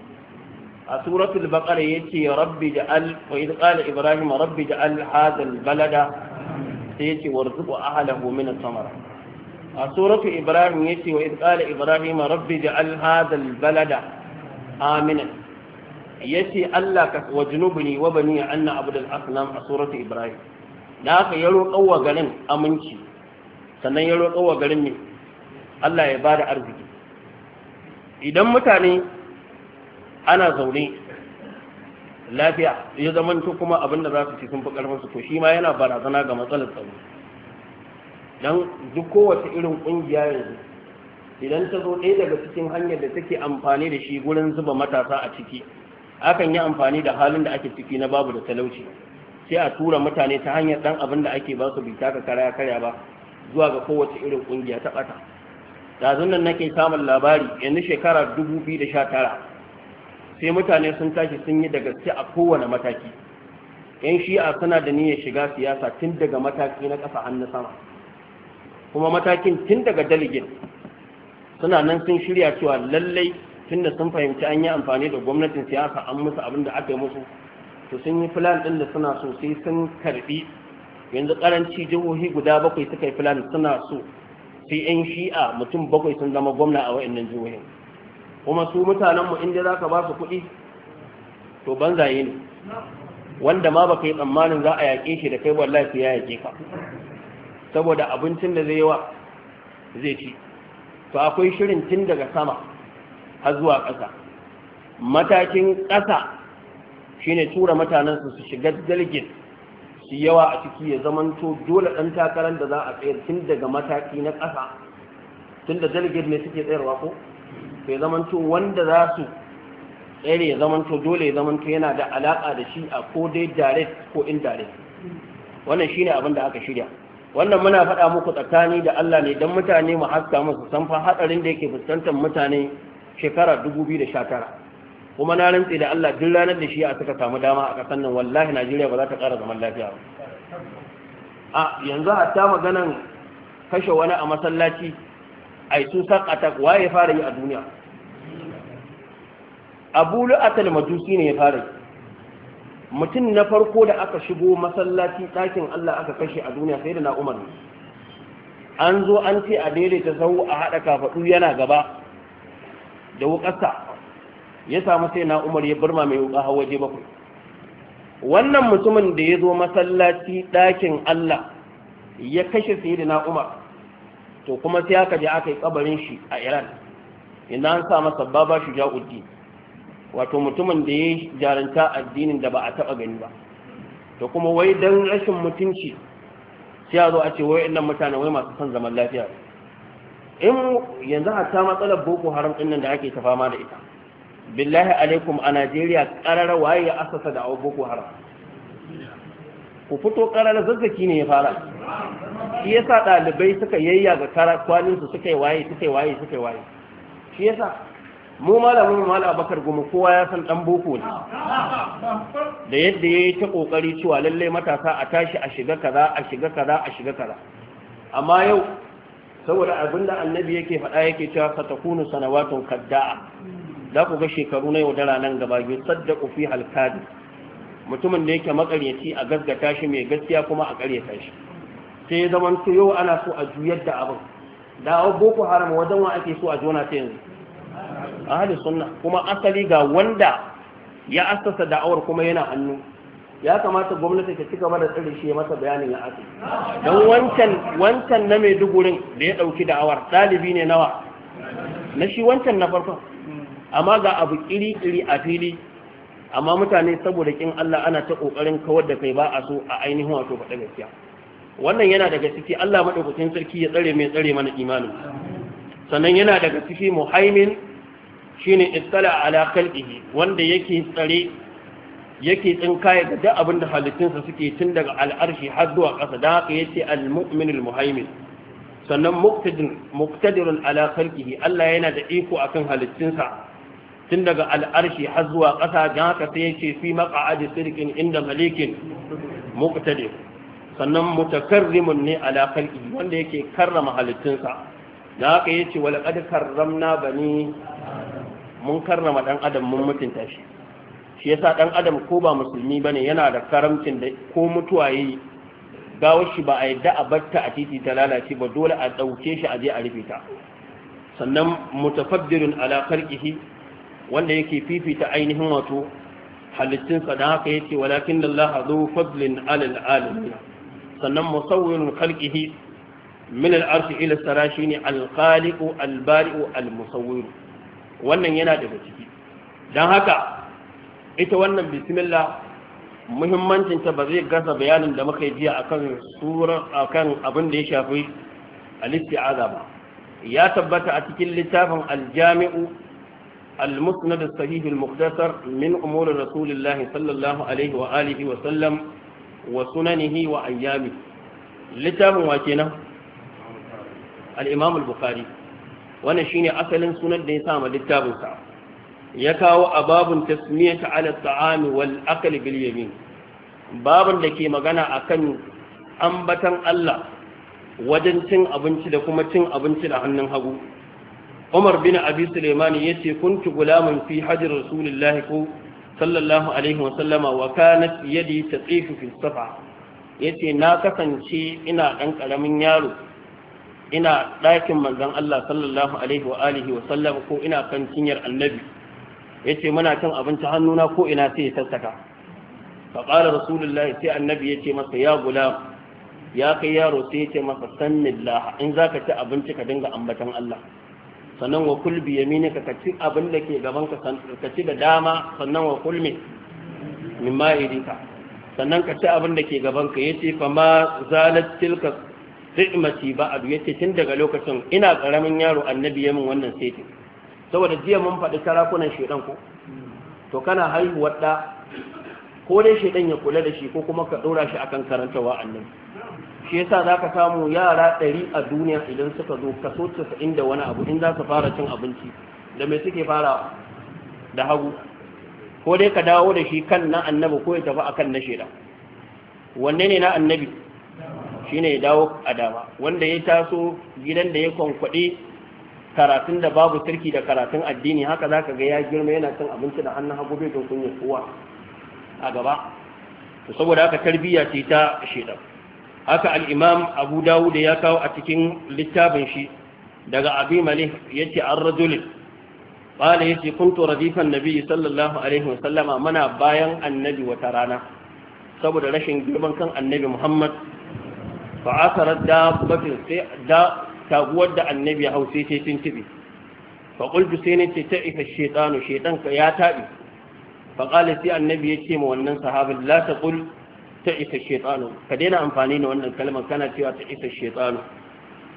a suratul baqara yace rabbi ja'al wa idh qala ibrahim rabbi ja'al hadha al balada sai yace warzuq ahlahu min samara a suratul ibrahim yace wa idh qala ibrahim rabbi ja'al hadha al balada aminan yace Allah ka wajnubni wa bani anna abdul asnam a suratu ibrahim da aka ya roƙa garin aminci sannan ya roƙa garin ne Allah ya bada arziki idan mutane ana zaune lafiya ya zamanto kuma abin da za su ci sun fi karfin su to shi ma yana barazana ga matsalar tsaro dan duk kowace irin ƙungiya yanzu idan ta zo ɗaya daga cikin hanyar da take amfani da shi gurin zuba matasa a ciki akan yi amfani da halin da ake ciki na babu da talauci sai a tura mutane ta hanyar dan abin da ake ba su bi taka karaya karya ba zuwa ga kowace irin kungiya ta bata dazun nan nake samun labari yanzu shekara 2019 sai mutane sun tashi sun yi da gaske a kowane mataki yan shi'a suna da niyyar shiga siyasa tun daga mataki na ƙasa hannu sama kuma matakin tun daga dalgin suna nan sun shirya cewa lallai tunda sun fahimci an yi amfani da gwamnatin siyasa an musu abin da aka yi musu to sun yi filan ɗin da suna so sai sun karɓi yanzu karanci jihohi guda bakwai suka yi filan suna so sai yan shi'a mutum bakwai sun zama gwamna a wa'annan jihohin kuma su mutanen mu inda za ka ba su kuɗi to banzaye ne wanda ma baka yi tsammanin za a yaƙe shi da kai wallahi ya yaƙe ka saboda abincin da zai wa zai ci to akwai shirin tun daga sama har zuwa ƙasa matakin ƙasa shine tura mutanensu su shiga dalgin su yawa a ciki ya zamanto dole ɗan takarar da za a tsayar tun daga mataki na ƙasa tun da dalgin ne suke tsayarwa ko ya zamanto wanda za su tsere ya zamanto dole ya zamanto yana da alaƙa da shi a ko dai direct ko indirect wannan shine abin da aka shirya wannan muna faɗa muku tsakani da Allah ne don mutane mu haska musu san fa hadarin da yake fuskantar mutane shekara 2019 kuma na rantse da Allah duk ranar da shi a suka samu dama a ƙasar nan wallahi Najeriya ba za ta ƙara zaman lafiya ba a yanzu ta maganan kashe wani a masallaci ai sun san atak waye fara yi a duniya Abu Atal Majusi ne ya fara yi mutum na farko da aka shigo masallaci ɗakin Allah aka kashe a duniya sai da na umar an zo an ce a daidaita sau a haɗa kafaɗu yana gaba da wukarsa ya samu sai na umar ya burma mai wuka har waje bakwai wannan mutumin da ya zo masallaci ɗakin Allah ya kashe sai na umar to kuma sai aka je aka yi kabarin shi a iran inda an sa masa shi shuja'uddin wato mutumin da ya jaranta addinin da ba a taɓa gani ba to kuma wai don rashin mutunci sai a zo a ce wai mutane wai masu son zaman lafiya in yanzu ta matsalar boko haram din nan da ake ta fama da ita billahi alaikum a Najeriya karara waye ya asasa da boko haram ku fito karara zazzaki ne ya fara shi yasa dalibai suka yayya ga kara kwanin su suka yi waye suka yi waye suka yi waye shi yasa mu mu malam Abakar Goma kowa ya san dan boko ne da yadda yayi ta kokari cewa lalle matasa a tashi a shiga kaza a shiga kaza a shiga kaza amma yau saboda abinda annabi yake faɗa yake cewa ka ta kunu sanawatun kadda'a za ku ga shekaru na yau da nan gaba biyu Sadda fi halkadi mutumin da yake makaryaci a gaskata shi mai gaskiya kuma a karyata shi sai zaman su yau ana so a juyar da abin da boko haram wajen wa ake so a jona ta yanzu ahli sunna kuma asali ga wanda ya asasa da'awar kuma yana hannu ya kamata gwamnati ta cika mana tsare shi masa bayanin ya ake don wancan wancan na dugurin da ya ɗauki awar, ɗalibi ne nawa na shi wancan na farkon amma ga abu iri-iri a fili amma mutane saboda kin Allah ana ta ƙoƙarin kawar da kai ba a so a ainihin wato faɗa gaskiya wannan yana daga ciki Allah madaukakin sarki ya tsare mai tsare mana imanin sannan yana daga ciki muhaimin shine ittala ala khalqihi wanda yake tsare yake tsinkaye da duk abin da halittunsa suke tun daga al'arshi har zuwa ƙasa da haka ya ce al-mu'min al-muhaimin sannan muktadirun ala khalqihi Allah yana da iko akan halittunsa tun daga al'arshi har zuwa ƙasa da haka sai ya ce fi maq'adi sirkin inda malikin muktadir sannan mutakarrimun ne ala khalqihi wanda yake karrama halittunsa da haka ya ce wal qad karramna bani mun karrama dan adam mun mutunta shi shi yasa dan adam ko ba musulmi bane yana da karamcin da ko mutuwa yi. gawar shi ba a yadda a batta a titi ta lalace ba dole a ɗauke shi a je a rufe ta sannan mutafaddirun ala kharqihi wanda yake fifita ainihin wato halittinsa dan haka yace walakin Allah zo fadlin alal alamin sannan musawwirun khalqihi min al-arsh ila ne al-khaliqu al wannan yana daga ciki dan haka ita wannan bismillah muhimmancinta ba zai gasa bayanin da muka yi jiya akan sura abin da ya shafi al-isti'aza ba ya tabbata a cikin littafin al-jami'u al-musnad as-sahih al-mukhtasar min umur rasulillahi sallallahu alaihi wa littafin wa kenan al-imam al-bukhari wannan shine asalin sunan da ya sa ma littafin sa ya kawo a babun tasmiyata ala ta'ami wal akal bil yamin da ke magana akan ambatan Allah wajen cin abinci da kuma cin abinci da hannun hagu Umar bin Abi Sulaiman yace kuntu gulamun fi hajr Rasulullah ko sallallahu alaihi wa sallama wa kanat yadi tatsifu fi safa yace na kasance ina dan karamin yaro ina ɗakin manzon Allah sallallahu alaihi wa alihi wa sallam ko ina kan cinyar annabi yace muna cin abinci hannuna ko ina sai ya sassaka fa qala rasulullahi sai annabi yace masa ya gula ya kai yaro sai yace masa sannillah in zaka ci abinci ka dinga ambatan Allah sannan wa kul bi yaminika ka ci abin da ke gaban ka ka ci da dama sannan wa kul min mimma yadika sannan ka ci abin da ke gaban ka yace fa ma zalat tilka ni'mati ba abu yace tun daga lokacin ina karamin yaro annabi ya min wannan sai saboda jiya mun faɗi sarakunan shaidan ko to kana haihuwar da ko dai shaidan ya kula da shi ko kuma ka ɗora shi akan karantawa annabi shi yasa za ka samu yara ɗari a duniya idan suka zo kaso casa'in da wani abu in za su fara cin abinci da mai suke fara da hagu ko dai ka dawo da shi kan na annabi ko ya tafi akan na shaidan wanne ne na annabi shine ya dawo a dama wanda ya taso gidan da ya kwankwaɗe karatun da babu sirki da karatun addini haka za ka ga ya girma yana cin abinci da hannun hagu bai kun ya kowa a gaba to saboda haka tarbiyya ce ta shedan haka al abu dawud ya kawo a cikin littafin shi daga abi malik yace ar-rajul qala yace kuntu radifan nabi sallallahu alaihi wasallama mana bayan annabi wata rana saboda rashin girman kan annabi muhammad fa asarat dabbatin sai taguwar da annabi ya hausa sai tuntuɓe faƙultu sai ne ce ta ifa shaitanu shaitan ka ya taɓi faƙala sai annabi ya ce ma wannan sahabin la ta ta ifa shaitanu ka daina amfani da wannan kalmar kana cewa ta ifa shaitanu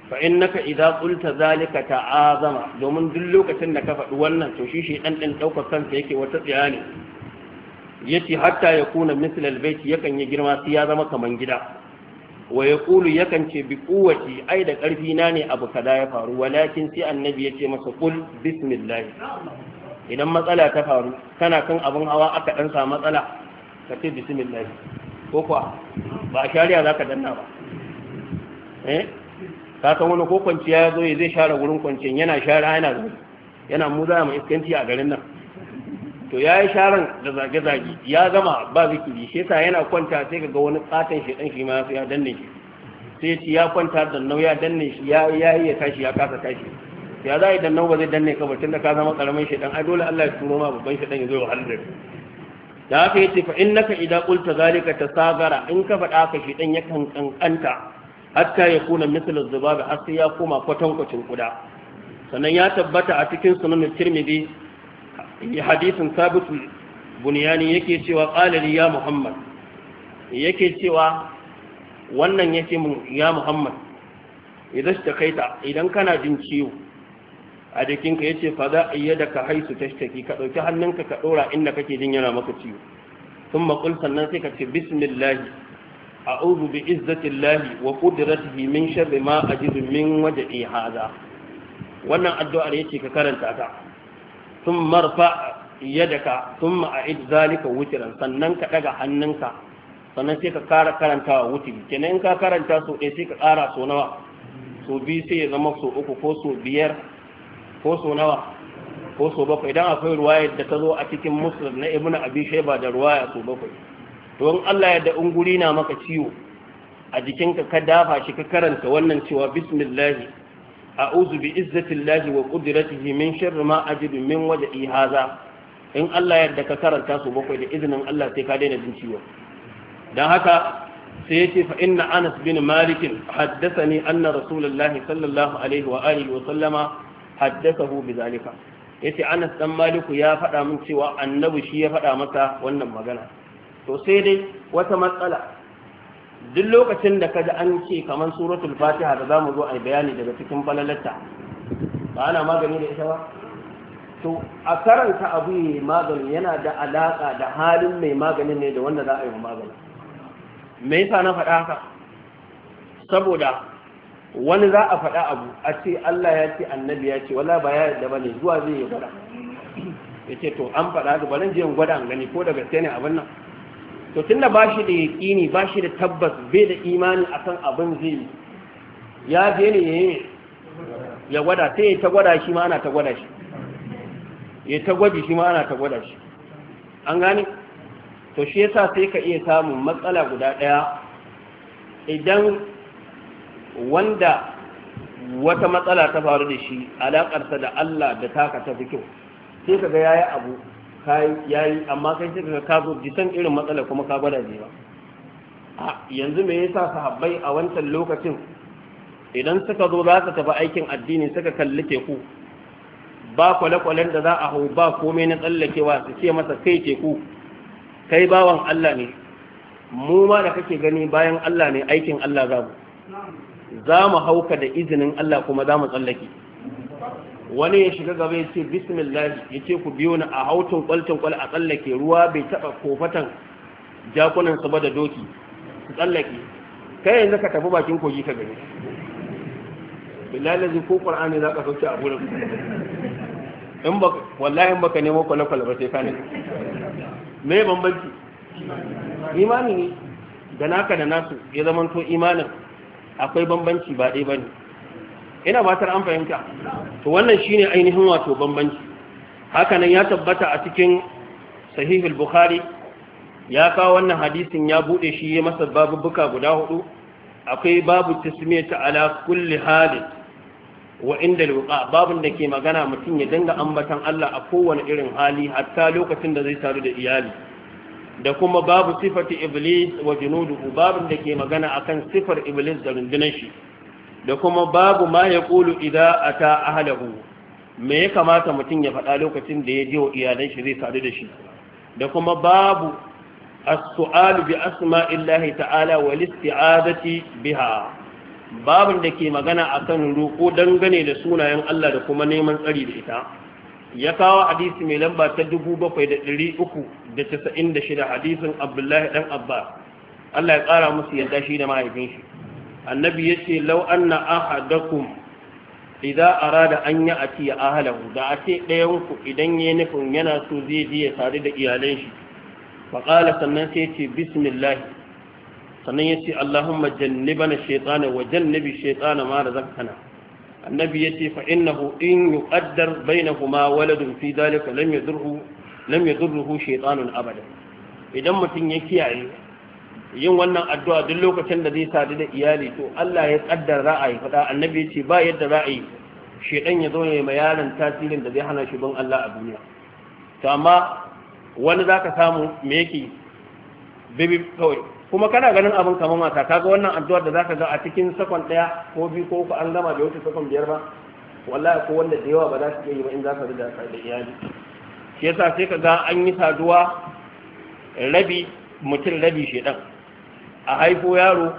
fa innaka idza qulta zalika ta'azama domin duk lokacin da ka faɗi wannan to shi shaitan din ɗaukar kansa yake wata tsaya ne yace hatta ya kuna mislal yakan yi girma sai ya zama kaman gida wa ya kulu yakan ce bi kowace ai da ƙarfi na ne abu kada ya faru walakin sai annabi ya ce masa kul bismillah idan matsala ta faru kana kan abin hawa aka ɗan samu matsala ka ce bismillah ko kuwa ba a shari'a za ka danna ba eh ka san wani ko kwanciya ya zo ya zai share wurin kwanciyar? yana share yana yana mu za mu iskanci a garin nan to ya yi sharan da zage-zage ya gama ba zikiri shi yasa yana kwanta sai ka ga wani katon shaidan shi ma ya danne shi sai ce ya kwanta da nauyi ya danne shi ya yi ya tashi ya kasa tashi ya za a yi da nau ba zai danne ka ba tunda ka zama karamin shaidan ai dole Allah ya turo ma babban shi shaidan ya zo ya wahalar da kai da haka yace fa innaka idza qulta zalika tasagara in ka faɗa ka shaidan yakan kankanta hatta ya kuna mithlu zubabi har sai ya koma kwatankwacin kuda sannan ya tabbata a cikin sunan tirmidhi hadisin sabitu buniyani yake cewa ƙalari ya muhammad yake cewa wannan yake mun ya muhammad idan ta kaita idan kana jin ciwo a jikinka yace fa za a yi ka haisu tashtaki ka ɗauki hannunka ka dora inda kake jin yana maka ciwo sun makul sannan sai ka ce bismillahi a'udhu bi izzatillahi wa qudratihi min sharri ma ajidu min wajhi hadha wannan addu'ar yace ka karanta ta sun marfa yadaka sun ma'a'id zalika wuturan sannan ka ɗaga hannunka sannan sai ka kara karantawa wutiri kenan in ka karanta so ɗaya sai ka ƙara so nawa so biyu sai ya zama so uku ko so biyar ko so nawa ko so bakwai idan akwai ruwaya da ta zo a cikin musulun na ibnu abi shaiba da ruwaya so bakwai to in Allah ya da unguri na maka ciwo a jikinka ka dafa shi ka karanta wannan cewa bismillah a'udhu bi izzatillahi wa qudratihi min sharri ma ajidu min wajhi hadha in Allah yadda ka karanta su bakwai da izinin Allah sai ka daina jin ciwo dan haka sai yace fa inna Anas bin Malik haddathani anna Rasulullahi sallallahu alaihi wa alihi wa sallama haddathahu bi zalika yace Anas dan Maliku ya faɗa min cewa annabi shi ya faɗa masa wannan magana to sai dai wata matsala duk lokacin da kaji an ce kamar suratul fatiha da zamu zo a bayani daga cikin falalarta ba ana magani da ita ba to a karanta abu mai magani yana da alaka da halin mai maganin ne da wanda za a yi magani me yasa na faɗa haka saboda wani za a faɗa abu a ce Allah ya ce annabi ya ce wala ba ya yarda bane zuwa zai yi gwada yace to an faɗa da balan je gwada an gani ko daga gaske ne abin nan to tunda ba shi da yaƙini ba shi da tabbas bai da imani akan abin zai ya je ne ya yi ya gwada sai ya ta gwada shi ma ana ta gwada shi ya ta gwaji shi ma ana ta gwada shi an gane to shi yasa sai ka iya samun matsala guda ɗaya idan wanda wata matsala ta faru da shi alaƙarsa da Allah da taka ta fi kyau sai ka ga yayi abu yayi amma kai sai ka ka zo jisan irin matsalar kuma ka gwada ba a yanzu me yasa sahabbai a wancan lokacin idan suka zo za su tafi aikin addini suka kalli teku ba kwale-kwalen da za a hau ba komai na tsallakewa su ce masa kai teku kai bawan Allah ne mu ma da kake gani bayan Allah ne aikin Allah za mu za mu hauka da izinin Allah kuma za mu tsallake wani ya shiga gaba ya ce bismillah ya ce ku biyo ni a hautun kwalcin kwal a tsallake ruwa bai taɓa kofatan jakunan su ba da doki su tsallake kai yanzu ka tafi bakin kogi ka gani bilalazi ko qur'ani za ka sauke a gurin in ba wallahi baka nemo kwale kwale ba sai ka ne me bambanci imani ne da naka da nasu ya zamanto imanin akwai bambanci ba ɗaya bane ina batar an fahimta to wannan shine ainihin wato bambanci hakanan ya tabbata a cikin sahih al-bukhari ya kawo wannan hadisin ya bude shi ya masa babubuka guda hudu akwai babu tasmiyata ala kulli hal wa inda al-wuqa babun da ke magana mutum ya dinga ambatan Allah a kowane irin hali hatta lokacin da zai taru da iyali da kuma babu sifati iblis wa junuduhu babun da ke magana akan sifar iblis da rundunar shi da kuma babu ma ya ƙulu idan ata ahalahu me ya kamata mutum ya faɗa lokacin da ya je wa iyalan shi zai sadu da shi da kuma babu as-su'alu bi asma'illahi ta'ala wal isti'adati biha babin da ke magana a akan roƙo dangane da sunayen Allah da kuma neman tsari da ita ya kawo hadisi mai lamba ta da shida, hadisin Abdullahi dan Abba Allah ya ƙara musu yadda shi da mahaifin shi annabi ya ce lau an na ahadakum idan arada an yi a tiya ahalahu da a ce ɗayanku idan ya nufin yana so zai je ya sadu da iyalan shi faƙala sannan sai ce bismillahi sannan ya ce allahumma jannibana shaitana wa jannibi shaitana ma da zakana annabi ya ce fa innahu in yuqaddar bainahuma waladun fi dalika lam yadurhu lam yadurruhu shaitanun abada idan mutum ya kiyaye yin wannan addu'a duk lokacin da zai sadu da iyali to Allah ya kaddara ra'ayi fada annabi ya ce ba yadda ra'ayi shedan ya zo ya mai yaron tasirin da zai hana shi bin Allah a duniya to amma wani zaka samu me yake bibi kawai kuma kana ganin abin kamar mata kaga wannan addu'ar da zaka ga a cikin sakon daya ko biyu ko ku an gama da wuce sakon biyar ba wallahi ko wanda da yawa ba za su iya yi ba in za ka da da iyali shi yasa sai ka ga an yi saduwa rabi mutum rabi shedan a haifo yaro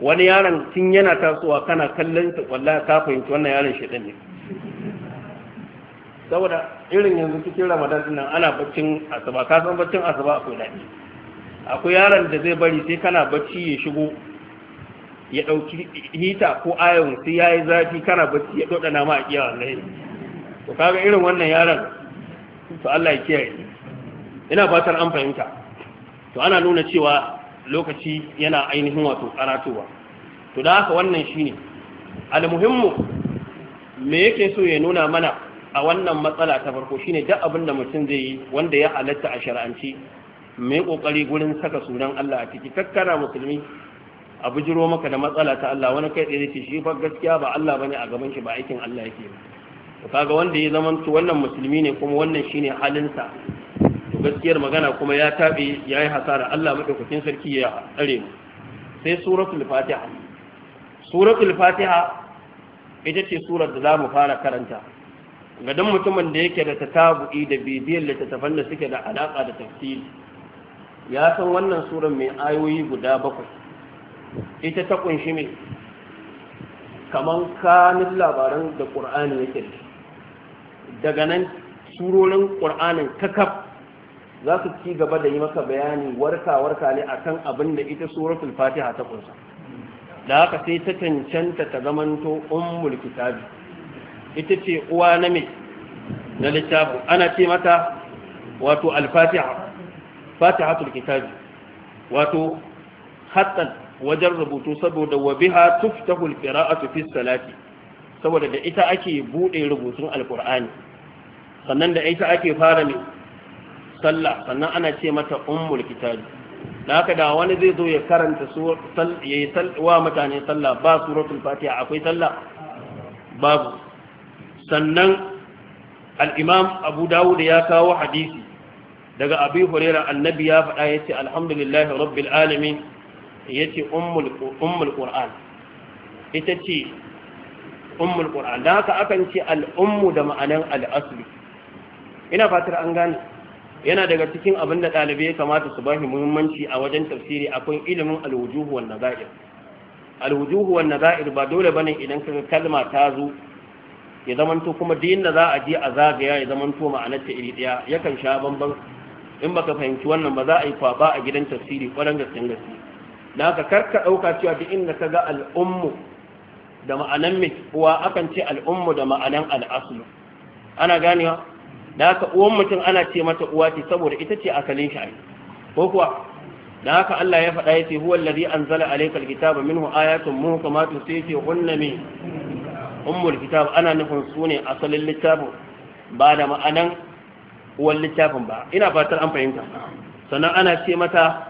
wani yaron tun yana tasowa kana kallon ta wallahi ka fahimci wannan yaron shi ne saboda irin yanzu cikin ramadan dinnan ana baccin asaba ka san baccin asaba akwai daɗi akwai yaron da zai bari sai kana bacci ya shigo ya ɗauki hita ko ayon sai ya yi zafi kana bacci ya ɗoɗana ma a kiyawa lahi to kaga irin wannan yaron to Allah ya kiyaye ina fatar an fahimta to ana nuna cewa lokaci yana ainihin wato karatowa to da haka wannan shine almuhimmu me yake so ya nuna mana a wannan matsala ta farko shine duk abin da mutum zai yi wanda ya halatta a shar'anci mai kokari gurin saka sunan Allah a ciki kakkara musulmi a bujiro maka da matsala ta Allah wani kai tsaye ce shi fa gaskiya ba Allah bane a gaban shi ba aikin Allah yake ba kaga wanda ya zama wannan musulmi ne kuma wannan shine halinsa gaskiyar magana kuma ya tabe ya yi hasara Allah madaukakin sarki ya tsare mu sai suratul fatiha suratul fatiha ita ce surar da za mu fara karanta ga dan mutumin da yake da tatabu'i da bibiyar littattafan da suke da alaka da tafsiri ya san wannan surar mai ayoyi guda bakwai ita ta kunshi mai kaman kanin labaran da ƙur'ani yake daga nan surorin ƙur'anin kakaf za su ci gaba da yi maka bayani warka warka ne akan abin da ita suratul fatiha ta kunsa da haka sai ta cancanta ta zamanto ummul kitabi ita ce uwa na mai na littafin. ana ce mata wato al-fatiha fatihatul kitabi wato hatta wajen rubutu saboda wa biha tuftahu qiraatu fi salati saboda da ita ake bude rubutun alqur'ani sannan da ita ake fara mai. sallah sannan ana ce mata ummul kitabi da haka da wani zai zo ya karanta ya yi wa mutane sallah ba suratul fatiha akwai sallah babu sannan al'imam abu dawud ya kawo hadisi daga abi hurera annabi ya faɗa ya ce alhamdulillahi rabbil alamin ya ce ummul qur'an ita ce ummul qur'an da haka akan ce al'ummu da ma'anan al'asli ina fatar an gane yana daga cikin abin da ɗalibai ya kamata su bashi muhimmanci a wajen tafsiri akwai ilimin alwujuhuwan na nazair alwujuhuwan na nazair ba dole bane idan kaga kalma ta zo ya zamanto kuma duk inda za a je a zagaya ya zamanto ma'anar ta iri daya yakan sha bamban in baka fahimci wannan ba za a yi kwaba a gidan tafsiri kwaran gaskiyan gaske na ka karka ɗauka cewa duk inda kaga al'ummu da ma'anan mai uwa akan ce al'ummu da ma'anan al'aslu ana ganewa da haka uwan mutum ana ce mata uwa ce saboda ita ce asalin shi ai ko kuwa da haka Allah ya faɗa yace huwa allazi anzala alayka alkitaba minhu ayatun muhkamatun sayfi hunna min ummul kitab ana nufin sune asalin littafin ba da ma'anan uwan littafin ba ina fatar an fahimta sannan ana ce mata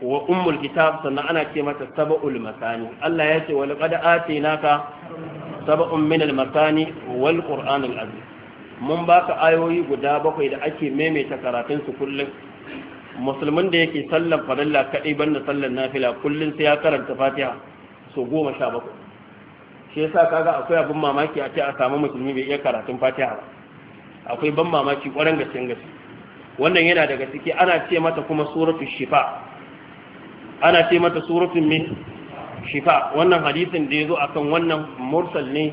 wa ummul kitab sannan ana ce mata sab'ul masani Allah ya ce wa laqad atinaka sab'un min al-masani wal qur'anil azim mun baka ayoyi guda bakwai da ake maimaita karatun su kullum musulmin da yake sallan farilla kaɗai banda sallan nafila kullum sai ya karanta fatiha so goma sha bakwai shi yasa kaga akwai abin mamaki a ce a samu musulmi bai iya karatun fatiha ba akwai ban mamaki ƙwarar gaske gaske wannan yana daga ciki ana ce mata kuma suratul shifa ana ce mata suratul min shifa wannan hadisin da ya zo akan wannan mursal ne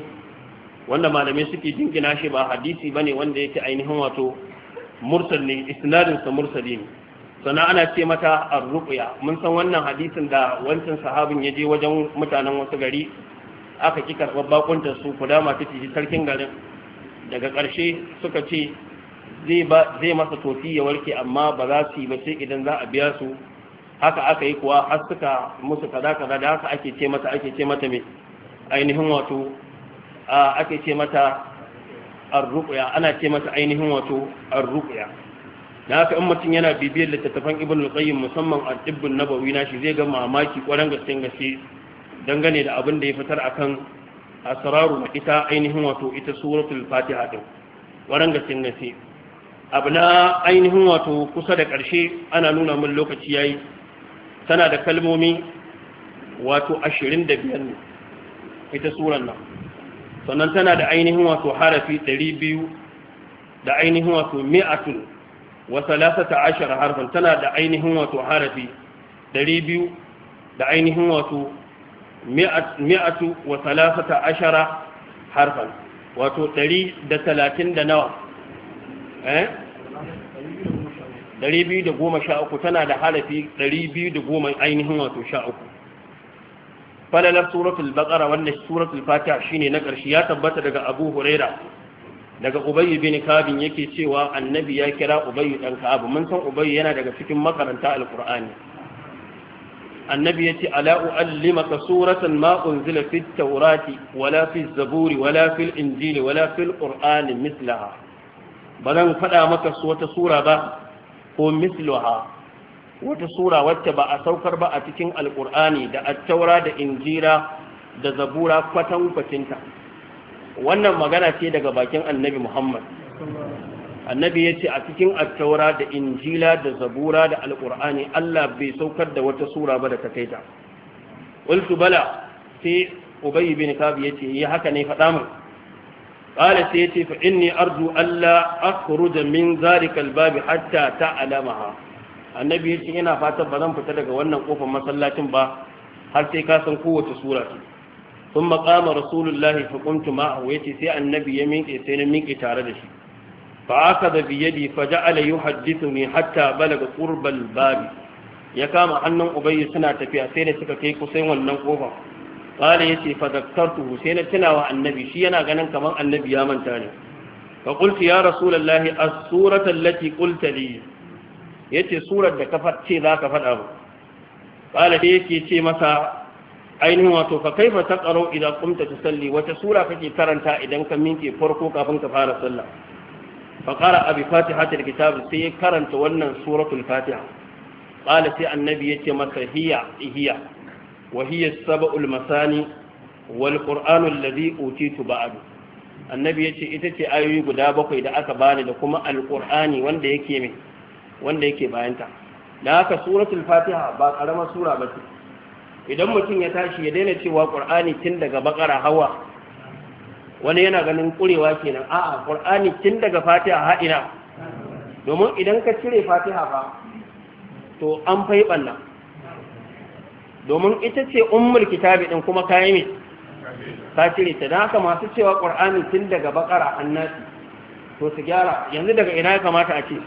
wanda malamai suke jingina shi ba hadisi ba ne wanda yake ainihin wato mursal ne isnadin sa mursali ne sannan ana ce mata arruqya mun san wannan hadisin da wancan sahabin ya je wajen mutanen wasu gari aka ki karɓar bakuntar su dama ta ciki sarkin garin daga ƙarshe suka ce zai masa tofi ya warke amma ba za su yi ba sai idan za a biya su haka aka yi kuwa har suka musu kaza kaza da haka ake ce mata ake ce mata mai ainihin wato ake ce mata arruƙuya ana ce mata ainihin wato arruƙuya da haka in mutum yana bibiyar littattafan ibn al-qayyim musamman a tibbin nabawi na shi zai ga mamaki kwaran gaske gaske dangane da abin da ya fitar akan asraru ita ainihin wato ita suratul fatiha din kwaran gaske gaske abu na ainihin wato kusa da ƙarshe ana nuna min lokaci yayi tana da kalmomi wato 25 ne ita suran nan sannan tana da ainihin wato harafi ɗari biyu da ainihin wato mi'atun wa salasata ashara harfan tana da ainihin wato harafi ɗari biyu da ainihin wato mi'atu wa salasata ashara harfan wato ɗari da talatin da nawa eh ɗari biyu da goma tana da harafi ɗari biyu da goma ainihin wato 13 falalar suratul baqara wannan suratul fatiha shine na ƙarshe ya tabbata daga abu huraira daga ubayy bin kabin yake cewa annabi ya kira ubayy dan ka'ab mun san ubayy yana daga cikin makaranta alqur'ani annabi yace ala uallimaka suratan ma unzila fit tawrati wala fi zaburi wala fil injili wala fil qur'ani mislaha bazan faɗa maka wata sura ba ko mislaha wata sura wacce ba a saukar ba a cikin alkur'ani da attaura da injira da zabura kwatan kwacinta wannan magana ce daga bakin annabi muhammad annabi ya ce a cikin attaura da injila da zabura da alkur'ani allah bai saukar da wata sura ba da ta kai ta bala sai ubayi bin kabi ya ce yi haka ne faɗa mu ƙala sai ya ce fa inni arzu allah akhruja min zalikal babi hatta ta alamaha annabi ya ce yana fatan ba zan fita daga wannan kofar masallacin ba har sai ka san kowace sura ce sun maƙama rasulullahi fa kuntu ma ya ce sai annabi ya minke sai na minke tare da shi fa aka da biyadi fa ja'ala yuhaddithuni hatta balaga qurbal babi ya kama hannun ubayyi suna tafiya sai da suka kai kusan wannan kofa qala yace fa dakkartu sai na tunawa annabi shi yana ganin kamar annabi ya manta ne fa qultu ya rasulullahi as-surata allati qulta yace surar da kafa ce za ka faɗa ba qala da yake ce masa ainihin wato ka kaifa idan idza qumta salli. wata sura kake karanta idan ka minke farko kafin ka fara sallah fa qara abi fatihati alkitab sai karanta wannan suratul fatiha qala sai annabi ce masa hiya hiya wa hiya sab'ul masani wal qur'anu alladhi utitu ba'd annabi yace ita ce ayoyi guda bakwai da aka bani da kuma alqur'ani wanda yake mai wanda yake bayanta da haka suratul fatiha ba karamar sura ba ce idan mutum ya tashi ya daina cewa qur'ani tun daga bakara hawa wani yana ganin kurewa kenan a'a qur'ani tun daga fatiha ha ina domin idan ka cire fatiha ba to an fai balla domin ita ce ummul kitabi din kuma kayi mai ta cire ta don masu cewa qur'ani tun daga bakara annasi to su gyara yanzu daga ina ya kamata a ce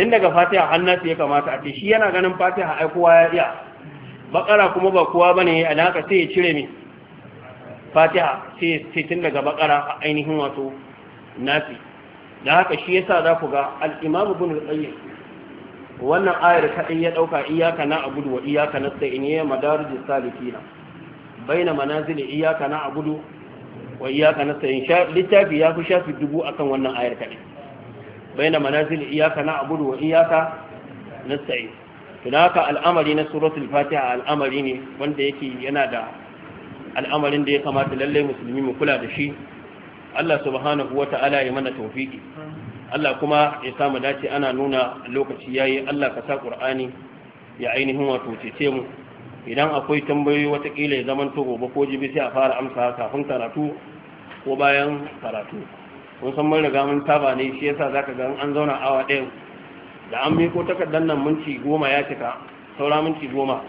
tun daga fatiha hannasi ya kamata a ce shi yana ganin fatiha ai kowa ya iya bakara kuma ba kowa ba ne alaka sai ya cire mai fatiha sai tun daga bakara a ainihin wato nasi da haka shi yasa za ku ga al'imamu bin ibn wannan ayar ta ya ɗauka iyaka na abudu wa iyyaka nasta'in ya madarijus na. baina manazil iyaka na abudu wa sai nasta'in littafi ya fi shafi dubu akan wannan ayar kaɗai. baina manazil iyaka na'budu wa iyaka na tsaye. da haka al'amari na suratul fatiha al'amari ne wanda yake yana da al'amarin da ya kamata lallai musulmi mu kula da shi Allah subhanahu wa ta'ala ya mana tawfiki Allah kuma ya mu dace ana nuna lokaci yayi Allah ka sa Qur'ani ya ainihin wato cece mu idan akwai tambayoyi watakila ya zaman to gobe ko jibi sai a fara amsa kafin karatu ko bayan karatu mun san mun riga mun taba ne shi yasa zaka ga an zauna awa ɗaya da an miko takardar nan minti goma ya cika saura minti goma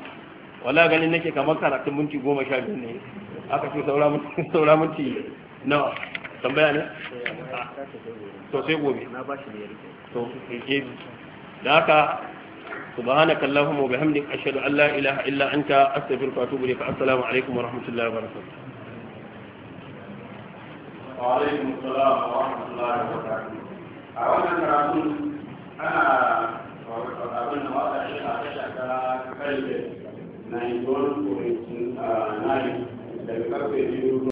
wala ganin nake kamar karatun minti goma sha biyu ne aka ce saura minti nawa tambaya ne to sai gobe to ke da haka subhanaka allahumma wa bihamdika ashhadu an la ilaha illa anta astaghfiruka wa atubu ilayk assalamu alaikum wa rahmatullahi wa barakatuh alaikum salam wa rahmatullahi wa barakatuh a wannan karatun ana abin da wata shi a kashe da na yi